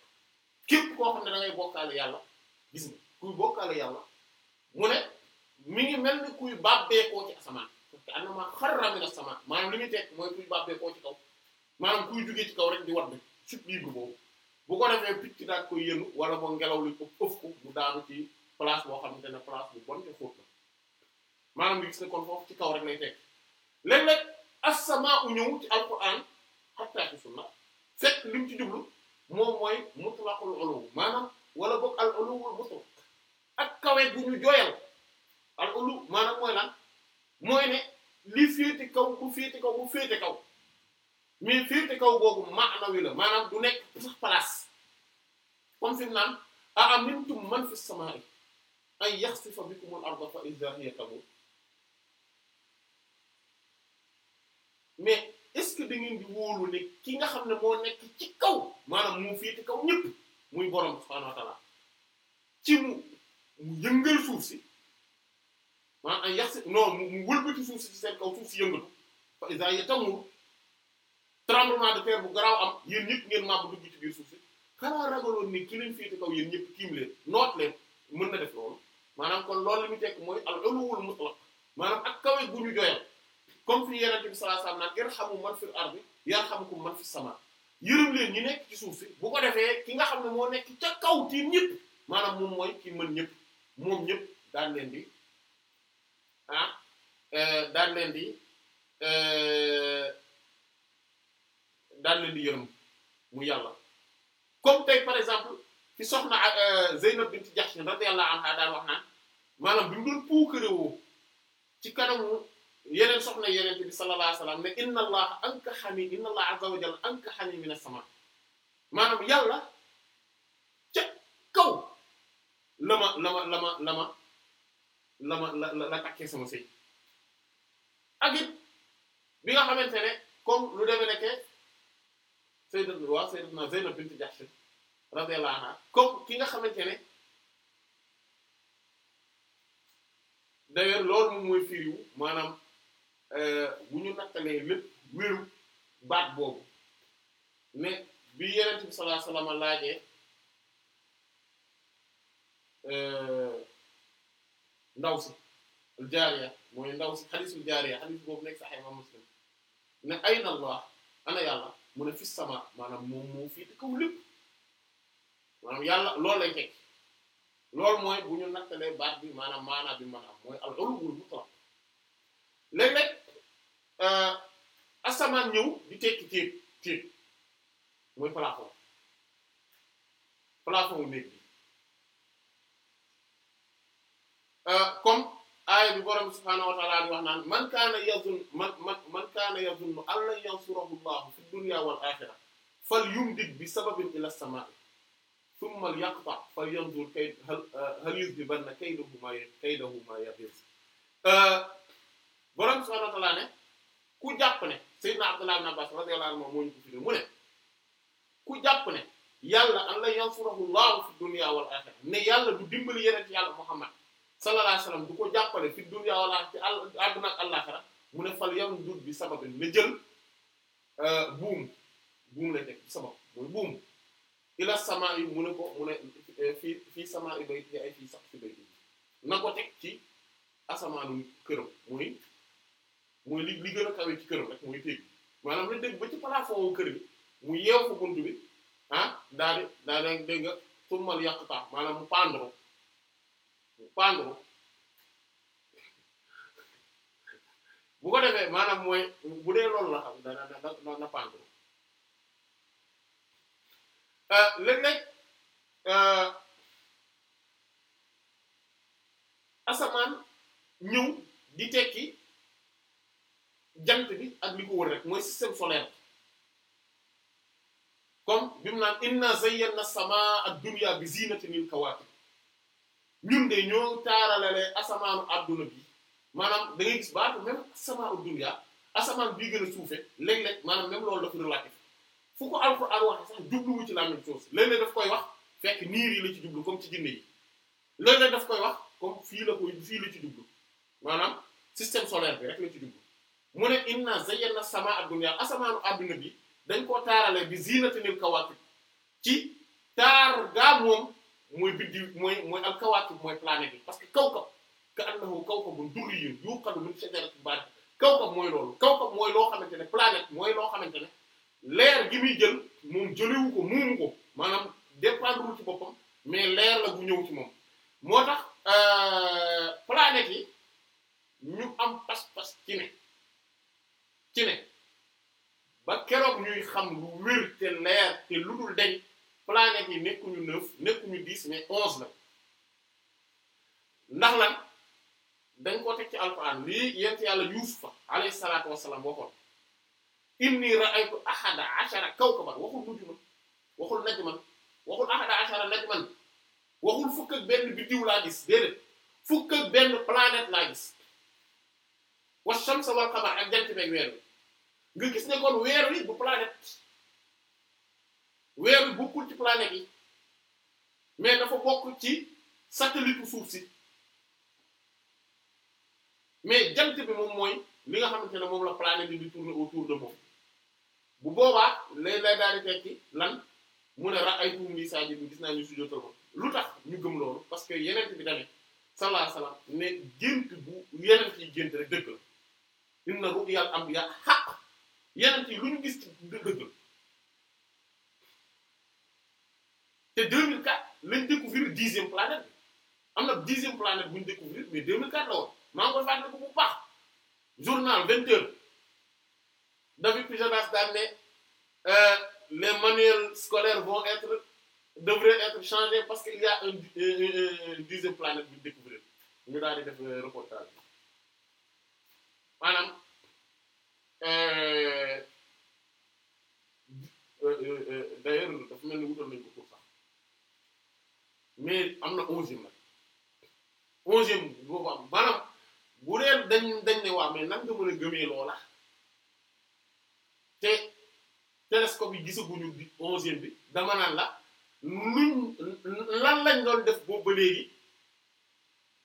képp koo xam ne da ngay bokkaale yàlla gis nga kuy bokkaale yàlla mu ne mi ngi mel ni kuy bàbbeekoo ci asamaan parce que annama xarra min as-samaa maanaam li muy teg mooy kuy bàbbeekoo ci kaw maanaam kuy jugee ci kaw rek di wadd sut liibu boobu bu ko defee picc daal koy yënu wala boo ngelaw li ko ëf ko mu daanu ci place boo xamante ne place bu bon maanaam li gis ne kon ci kaw rek lay léeg-léeg as-samaa'u ñëw ci alquran hatta ci sunna fekk li ci jublu moom mooy mutlaqul uluw maanaam wala boog al uluwul mutlaq ak kawe bu ñu jooyal al uluw maanaam mooy lan mooy ne li féete kaw bu féete kaw bu féete kaw mais féete kaw googu maanawi la maanaam du nekk sax place comme fi mu naan a amintum man fi samaa'i an yaxsifa bikumul arda fa idha hiya mais est-ce que da ngeen di wóolu ne ki nga xam ne moo nekk ci kaw maanaam mu féete kaw ñëpp muy borom subhaanahu wa ta'aala ci mu mu suuf si maanaam yàq si non mu wëlbati suuf si ci seen kaw suuf si yëngatu fa iza yatamur tremblement de terre bu garaw am yéen ñëpp ngeen màbb bu ci biir suuf si xanaa ragaloon ni ki leen féete kaw yéen ñëpp tiim leen noot leen mën na def loolu maanaam kon lool li mu tekk mooy al uluwul mutlaq maanaam ak kawe gu ñu doyal. comme fi yenente bi sallallahu alayhi wasallam naan irhamu man fil ardi yarhamkum man fis sama yërëm leen ñi nekk ci suuf si bu ko defee ki nga xam ne moo nekk ca kaw tiim ñëpp maanaam moom mooy kii mën ñëpp moom ñëpp daan leen di ah, euh, daal leen di euh, daan leen di yërëm mu yàlla comme tey par exemple fi soxna euh, Zeynab bint Jahsh radiyallahu anha daan wax naan maanaam bi mu doon puukarewoo ci kanamu yeneen soxna yeneen bi sallallahu alayhi wasallam ne inna allah ankaxani inna allah azza wa jalla ankaxani min as-sama maanaam yàlla ca kaw la ma la ma la ma la ma la ma la la takkee sama sëy ak it bi nga xamante ne comme lu demee nekke sayyidat waa sayyidatna Zaynab bint Jahsh radiyallahu anha comme ki nga xamante ne d'ailleurs loolu moom mooy firiwu maanaam Euh, bu ñu nattalee lépp wéru baat boobu mais bi yenent bi sallallahu alayhi wasallam laajee euh, ndaw si al jaariya mooy ndaw si xadiisul jaariya xadiis boobu nekk Sahih Muslim ne ayna ana yàlla mu ne fi sama maanaam moom moo fii di kaw lépp maanaam yàlla loolu lay tekki mooy bu ñu nattalee baat bi maanaam maanaam bi maanaam mooy al ulul mutlaq léeg-léeg Euh, asamaan ñëw di tekki ceeb ceeb mooy plafond plafond néeg bi euh, comme aaya bi borom subhaanahu wa ta'aala di wax man kaana yazun man man kaana yazunnu an lan yansurahu llaahu fi dunya wal aaxira falyumdid bi sababin ila samaa'i thumma liyaqta falyanzur kay hal euh, yuzhibanna kaydahu maa kaydahu maa yaghidh borom subhaanahu wa ta'aala ne. ku jàpp ne Seydina Abdullah ibn Abbas radiyallahu anhu moo ñu ko fi mu ne ku jàpp ne yàlla am la yansurahu llahu fi dunya wal axira ne yàlla du dimbali yeneen ci yàlla Muhammad sallallahu alayhi du ko jàppale fi dunya wal axira ci àdduna mu ne fal yam dut bi sababin na jël euh, buum buum la teg sabab mooy buum ila samaa yi mu ne ko mu ne euh, fii fii samaa yi bay ay sax fi bay na ko teg ci asamaanu këram muy mooy li li gën a kawe ci këram rek mooy téeg maanaam lañ dégg ba ci plafond kër gi mu yeew fa bunt bi ah daal di daal di dégg nga summal yàqtaa mu pendre mu pendre bu ko defee maanaam mooy bu dee loolu la da da da na pendre léeg-léeg euh, asamaan di tekki jant bi ak li ko wër rek mooy système solaire comme bi mu naan inna zayyana samaa ak dunya bi zinatil kawaakib ñun de ñoo taaralale asamaanu adduna bi maanaam dangay gis baatu même asamaa dunya asamaan bii gën a suufe léeg-léeg maanaam même loolu dafa relatif fu ko alxuraan waxe sax jubluwu ci la même chose léeg-léeg daf koy wax fekk niir yi la ci jublu comme ci jinne yi léeg-léeg daf koy wax comme fii la ko fii la ci jublu maanaam système solaire bi mu ne inna zayyana sama ad-dunya asamaanu adduna bi dañ koo taarale bi zinatinil kawaakib ci taar gaa moom mooy biddiw mooy mooy al kawaakib mooy planète yi parce que kaw ka annahu kawkabun durriyyun yuqadu min shajaratin baat kawkab mooy loolu kawkab mooy loo xamante ne planète mooy loo xamante ne leer gi muy jël moom jëlewu ko muumu ko maanaam dépendre ci boppam mais leer la gu ñëw ci moom moo tax euh, planète yi ñu am pas-pas ci ne ci ne ba keroog ñuy xam lu wér te leer te lu dul deñ planètes yi nekkuñu neuf nekkuñu dix mais onze la ndax lan dañ ko ci alquran lii yent yàlla yuusufa alayhi salaatu wassalaam waxoon inni ra'aytu ahada ashara kawkaban waxul nujuma waxul najman waxul ahada ashara najman waxul fukk ak benn biddiw laa gis déedéet fukk ak benn planète laa gis wa shamsa wal qamar ak jant beeg weer wi nga gis ne kon weer wi bu planète weer wi bokkul ci planète yi mais dafa bokk ci satellite suuf si mais jant bi moom mooy li nga xamante ne moom la planète bi di tourner autour de moom bu boobaa lay lay daal di tekki lan mu ne ra'aytuhum li sajidin gis naa ñu sujjóotal ko lu tax ñu gëm loolu parce que yeneen bi tamit sallallahu alayhi wasallam ne gént bu yeneen yi gént rek dëgg inna ru'yal anbiya xaq yeneen yi lu ñu gis ci dëgg te 2004 lañ découvrir dixième planète am na dixième planète bu ñu découvrir mais 2004 la woon maa ngi koy fàttaliku bu baax journal 20 heures David Pujadas daan ne euh, les manuels scolaires vont être devraient être changés parce qu'il y a un dixième planète bu ñu découvrir ñu daal di def euh, reportage. maanaam euh, euh, euh, d'ailleurs dafa mel ni wutal nañu ko pour sax mais am na onzième nag onzième boobu am maanaam bu dañ dañ ne waa mais nan nga gëmee loola te télescope yi gisaguñu bi onzième bi dama naan la luñ lan lañ doon def boobu ba léegi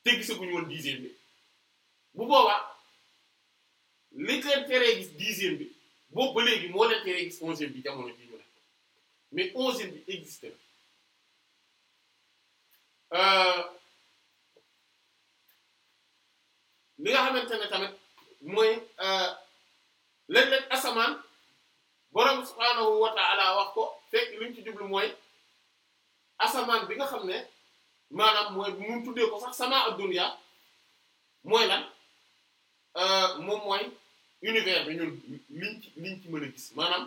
te gisaguñu woon dixième bi bu boobaa li leen teree gis dixième bi boobu ba léegi moo leen teree gis onzième bi jamono ji ñu ne mais onzième bi existe na euh, li nga xamante ne tamit mooy euh, léeg-léeg asamaan borom subhaanahu wa ta'ala wax ko fekk li ci jublu mooy asamaan bi nga xam ne maanaam mooy mun tuddee ko sax sama ad-dunya mooy lan euh, moom mooy univers bi ñun liñ ci liñ ci mën a gis maanaam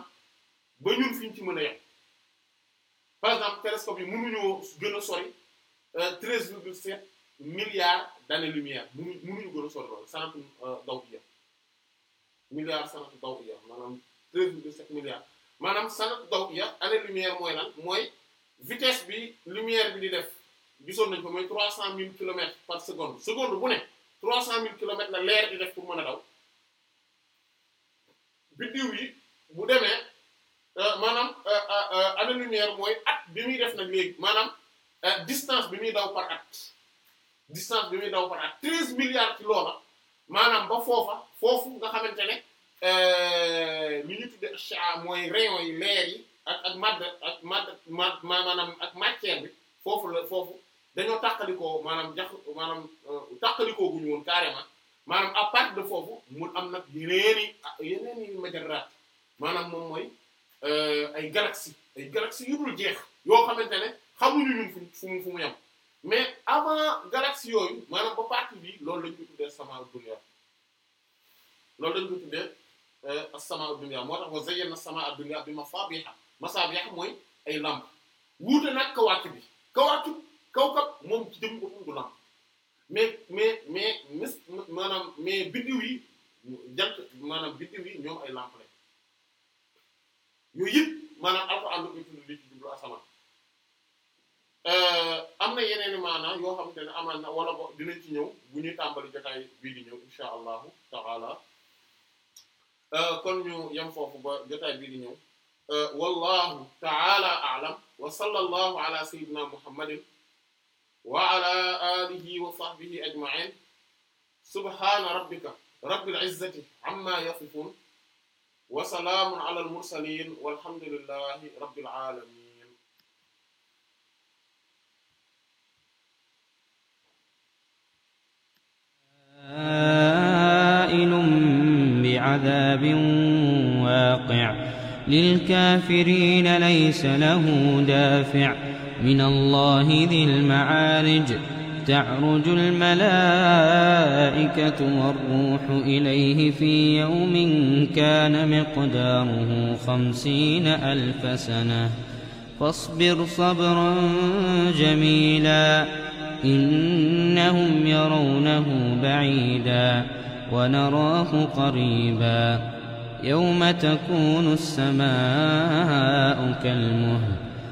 ba ñun fiñ ci mën a yem par exemple télescope yi mënuñoo gën a sori euh, treize virgule sept milliards d'années lumière mënuñ mënuñu gën a sori loolu sant euh, daw bi yem milliards sant daw bi yem maanaam treize virgule sept milliards maanaam sant daw bi yem année lumière mooy lan mooy vitesse bi lumière bi di def gisoon nañ ko mooy trois cent mille kilomètres par seconde seconde bu ne trois cent mille kilomètres la leer di def pour mën a daw biddiw yi bu demee euh, maanaam euh, euh, année lumière mooy at bi muy def nag léegi maanaam distance bi muy daw par at distance bi muy daw par at treize milliards ci loola maanaam ba foofa foofu nga xamante ne li ñu tudde cha mooy rayon yi leer yi ak ak madd ak madd maanaam ak matière bi foofu la foofu dañoo tàqalikoo maanaam jax maanaam tàqalikoo guñu woon carrément maanaam à part de foofu mu am nag yeneeni yeneen i majaraat maanaam moom mooy euh, ay galaxie ay galaxie yu dul jeex yoo xamante ne xamuñu ñun fu fu mu yem mais avant galaxie yooyu maanaam ba partie bi loolu lañ koy tuddee sama dunya loolu lañ koy tuddee euh, as-sama dunya moo tax wa zayyana sama ma dunya bi masabiha mooy ay lamp wuute nag kawaakib bi kawaakib kawkab moom ci jëm boppam du lamp mais mais mais mis maanaam mais biddiw yi jant maanaam biddiw yi ñoom ay lampe lañ yooyu yëpp maanaam lu koy tudd li ci jublu asamaan euh, am na yeneen i maanaam yoo xamante ne amaan na wala bo dinañ ci ñëw bu ñuy tàmbali jotaay bii di ñëw insha allahu taala euh, kon ñu yem foofu ba jotaay bii di ñëw euh, wallahu taala a'lam wa sallallahu ala sayyidina muhammadin wa ala alihi wa sahbihi ajma'in subhana rabbika rabbil izzati amma yasifun wa salaamun ala al mursalin walhamdulillahi rabbil alamin sa'ilun bi'adhabin waqi' lilkafirina laysa lahu dafi' من الله ذي المعارج تعرج الملائكة والروح إليه في يوم كان مقداره خمسين ألف سنة فاصبر صبرا جميلا إنهم يرونه بعيدا ونراه قريبا يوم تكون السماء كالمهل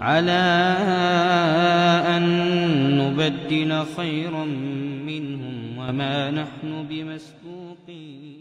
على أن نبدل خيرا منهم وما نحن بمسبوقين